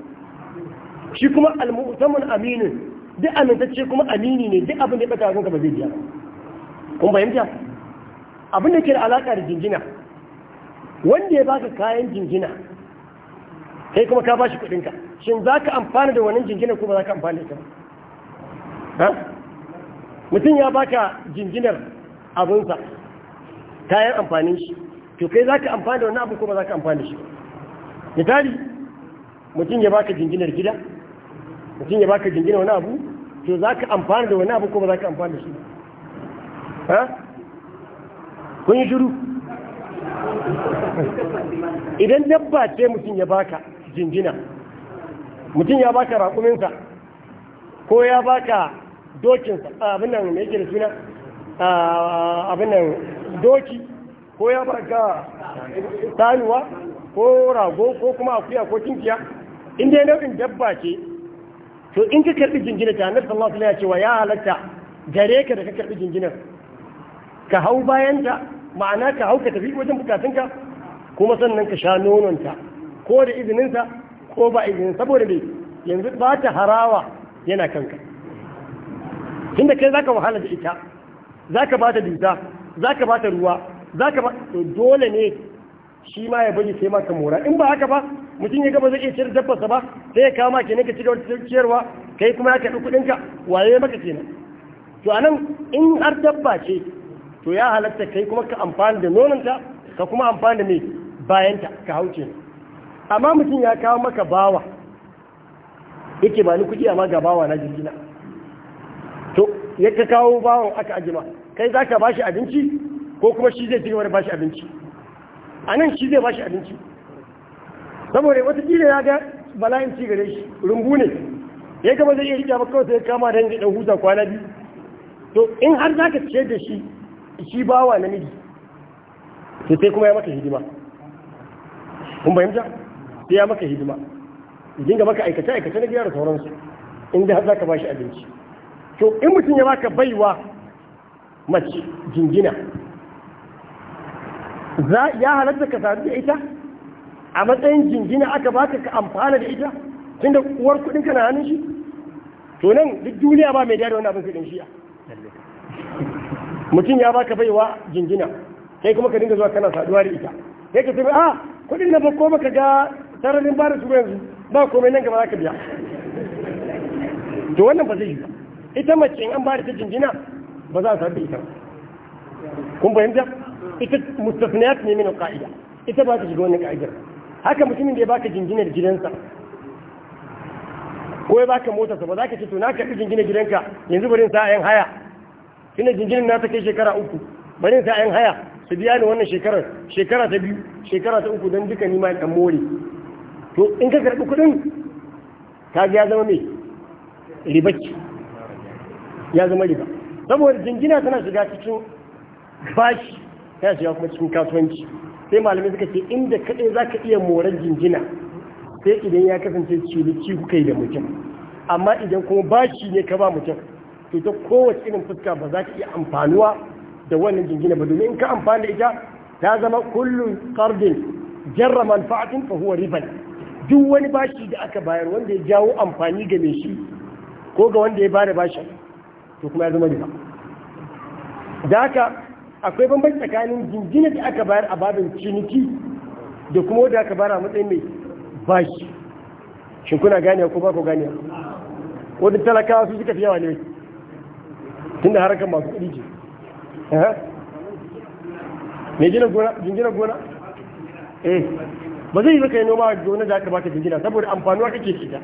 shi kuma almu'tamun aminin duk amintacce kuma amini ne duk abin da ya bata abin ba zai biya kun bayanta abin da ke da alaƙa da jinjina wanda ya baka kayan jinjina kai kuma ka bashi kuɗinka shin za ka amfana da wannan jinjina ko ba za ka amfana da ba mutum ya baka jinjinar abinsa kayan amfanin shi to kai za ka amfana da wani abin ko ba za ka amfana da shi misali mutum ya baka jinjinar gida mutum ya baka jinjinar wani abu to za ka amfana da wani abu ko ba za ka amfana da shi kun yi shiru idan dabba ce mutum ya baka jinjina mutum ya baka raƙuminsa ko ya baka dokinsa abin mai yake da suna abin doki ko ya baka sanuwa ko rago ko kuma akuya ko kinkiya inda ya nau'in dabba ce to in ka karɓi jinjina ta annabi sallallahu alaihi ya ce wa ya halatta gare ka da ka karɓi jinjinar ka hau bayanta ma'ana ka hau ka tafi wajen bukatunka kuma sannan ka sha nononta ko da izininsa ko ba izinin saboda me yanzu ba ta harawa yana kanka tunda kai zaka wahala da ita zaka ba ta dusa zaka ba ta ruwa zaka ba to dole ne shi ma ya bari sai maka mora in ba haka ba mutum ya gaba zai iya ciyar dabbarsa ba sai ya kama kenan ka cigaba da ciyarwa kai kuma ya karɓi kuɗinka waye maka kenan to anan in har dabba ce to ya halatta kai kuma ka amfani da nonanta ka kuma amfani da mai bayanta ka hauce amma mutum ya kawo maka bawa yake ba ni kuɗi amma ga bawa na jirgina to ya ka kawo bawan aka ajima kai za ka ba shi abinci ko kuma shi zai cigaba da ba shi abinci a nan shi zai ba shi abinci saboda watakila ya ga bala'in ci gare shi rumbu ne ya gaba zai iya rike ba kawai sai kama da yanzu ɗan huta kwana biyu to in har za ka ciyar da shi shi bawa namiji to sai kuma ya maka hidima kun fahimta sai ya maka hidima idan ga maka aikata-aikata na gida da sauransu inda har zaka bashi abinci to in mutum ya maka baiwa mace jingina za ya halatta ka sadu da ita a matsayin jingina aka baka ka amfana da ita tunda uwar kudin ka na hannun shi to nan duk duniya ba mai dada wani abin shi shiya mutum ya baka baiwa jingina kai kuma ka dinga zuwa kana saduwa da ita kai ka tafi a ah, kudin na ko baka ga sararin ba da su yanzu ba komai nan gaba za ka biya to wannan ba zai yi ba ita mace in an ba da ta jingina ba za a sadu ita kun fahimta ita mustasniyat ne min qa'ida ita ba ta shiga wannan ka'idar haka mutumin da ya baka da gidansa ko ya baka motarsa ba za ka ce to na karɓi jingina gidanka yanzu bari sa yan haya tunda jinjirin na ta kai shekara uku bari sa yan haya su biya ni wannan shekarar shekara ta biyu shekara ta uku don duka ni ma kan more to in ka karɓi kuɗin ka ya zama mai ribacci ya zama riba saboda jingina tana shiga cikin bashi tana shiga kuma cikin kasuwanci sai malamai suka ce inda kaɗai za ka iya moran jinjina sai idan ya kasance ciniki kuka yi da mutum amma idan kuma bashi ne ka ba mutum to ta kowace irin fuska ba za ka iya amfanuwa da wannan jingina ba domin in ka amfani da ita ta zama kullum kardin jarra manfa'atin fa huwa riban duk wani bashi da aka bayar wanda ya jawo amfani ga mai shi ko ga wanda ya bada bashin to kuma ya zama riba da haka akwai bambanci tsakanin jingina da aka bayar a babin ciniki da kuma wanda aka bayar a matsayin mai bashi shin kuna gane ko ba ku gane wanda talakawa su suka fi yawa ne tunda harkar masu kuɗi ce me gina gona jingina gona eh ba zai yi yi noma a gona da aka baka jingina saboda amfanuwa kake kita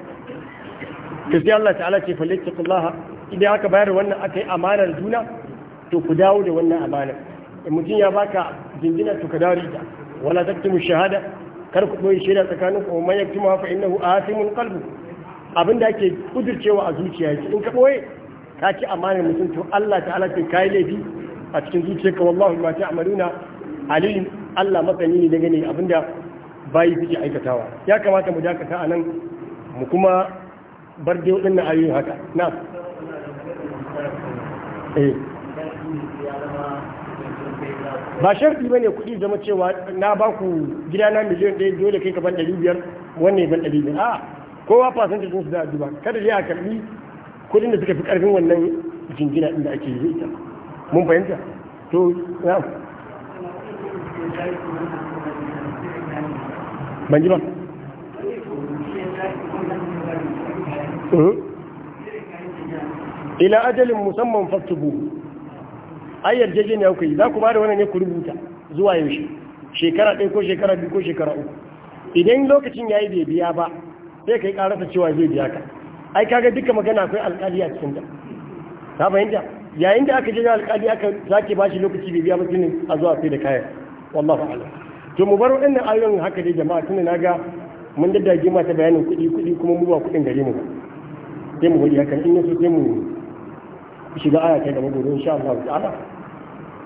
to sai Allah ta'ala ce falaka kullaha idan aka bayar wannan aka yi amanar juna to ku dawo da wannan amanar in mutum ya baka jingina to ka dawo da wala taktumu shahada kar ku boye shaida tsakanin ku man yaktumu fa innahu athimun qalbu abinda ake kudircewa a zuciya in ka boye ka ci amanar mutum to Allah ta'ala ce kai laifi a cikin zuciyarka wallahi ma ta'maluna alim Allah masani ne daga ne abinda bayi suke aikatawa ya kamata mu dakata a nan mu kuma bar dai wadannan ayoyin haka na eh. ba sharfi ba ne kuɗi zama cewa na ba ku gidana na miliyan ɗaya dole kai ka ban ɗari biyar wannan ban ɗari biyar a kowa fasantar sun su za a duba kada dai a karɓi kudin da suka fi karfin wannan jingina inda ake yi ita mun fahimta to na ban ji ba mhm. ila ajalin musamman faktubu ai yarjejeniya ku yi za ku ba da wannan ne ku rubuta zuwa yaushe shekara ɗaya ko shekara biyu ko shekara uku idan lokacin ya yi bai biya ba sai ka yi ƙarasa cewa zai biya ka ai kaga duka magana akwai alƙali a cikin da ta fahimta yayin da aka je alƙali aka zaki ba shi lokaci bai biya mutum a zuwa sai da kayan wallahi Allah, to mu bar wannan ayoyin haka dai jama'a tunda naga mun daddage mata bayanin kuɗi kuɗi kuma mu ba kuɗin gare mu sai mu gode hakan in yaso sai mu shiga aya ta gaba gobe insha Allah ta'ala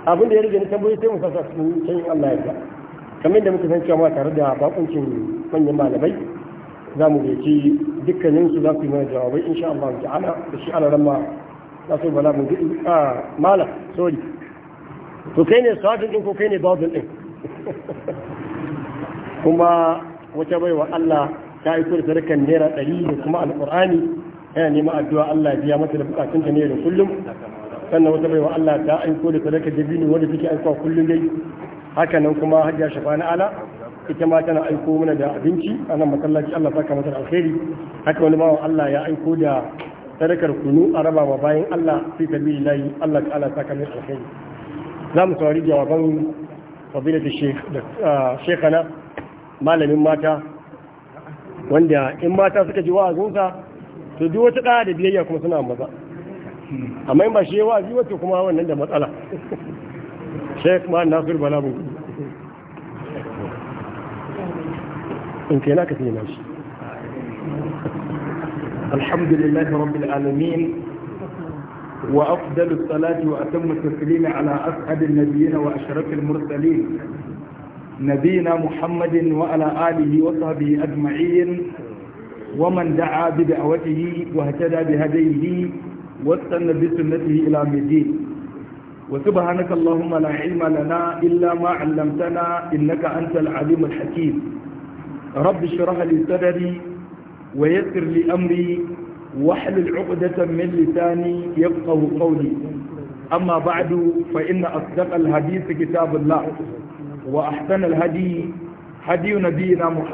abin da ya rage ni tambayoyi sai mu sasa cikin sai Allah ya yarda kamar da muka san cewa tare da bakuncin manyan malamai za mu gaci dukkanin su za su yi mana jawabai insha Allah ta'ala da shi ana ramma za su bala mun gidi a ah, mala sorry to kai ne sadin din ko kai ne babin din kuma wata baiwa Allah ta yi kuma sarkan naira ɗari da kuma alƙur'ani yana nema addu'a Allah biya mata da bukatun ta ne da kullum sannan wata baiwa Allah ta aiko da sadaka dabino wanda take aikowa kullum dai haka nan kuma hajjia shafa na ala ita ma tana aiko mana da abinci a nan masallaci Allah saka mata alheri haka wani bawan Allah ya aiko da sadakar kunu a raba wa bayan Allah fi sabilillahi Allah ta'ala saka mata alheri za mu saurari jawaban fadilatu shekana malamin mata wanda in mata suka ji wa'azinsa to duk wata ɗaya da biyayya kuma suna maza amma in ba shi wa'azi wato kuma wannan da matsala shek ma nasir bala mun امكانك في ماشي الحمد لله رب العالمين وأفضل الصلاة وأتم التسليم على أسعد النبيين وأشرف المرسلين نبينا محمد وعلى آله وصحبه أجمعين ومن دعا بدعوته واهتدى بهديه واستنى بسنته إلى مدين وسبحانك اللهم لا علم لنا إلا ما علمتنا إنك أنت العليم الحكيم رب اشرح لي صدري ويسر لي أمري واحلل عقدة من لساني يفقه قولي أما بعد فإن أصدق الحديث كتاب الله وأحسن الهدي هدي نبينا محمد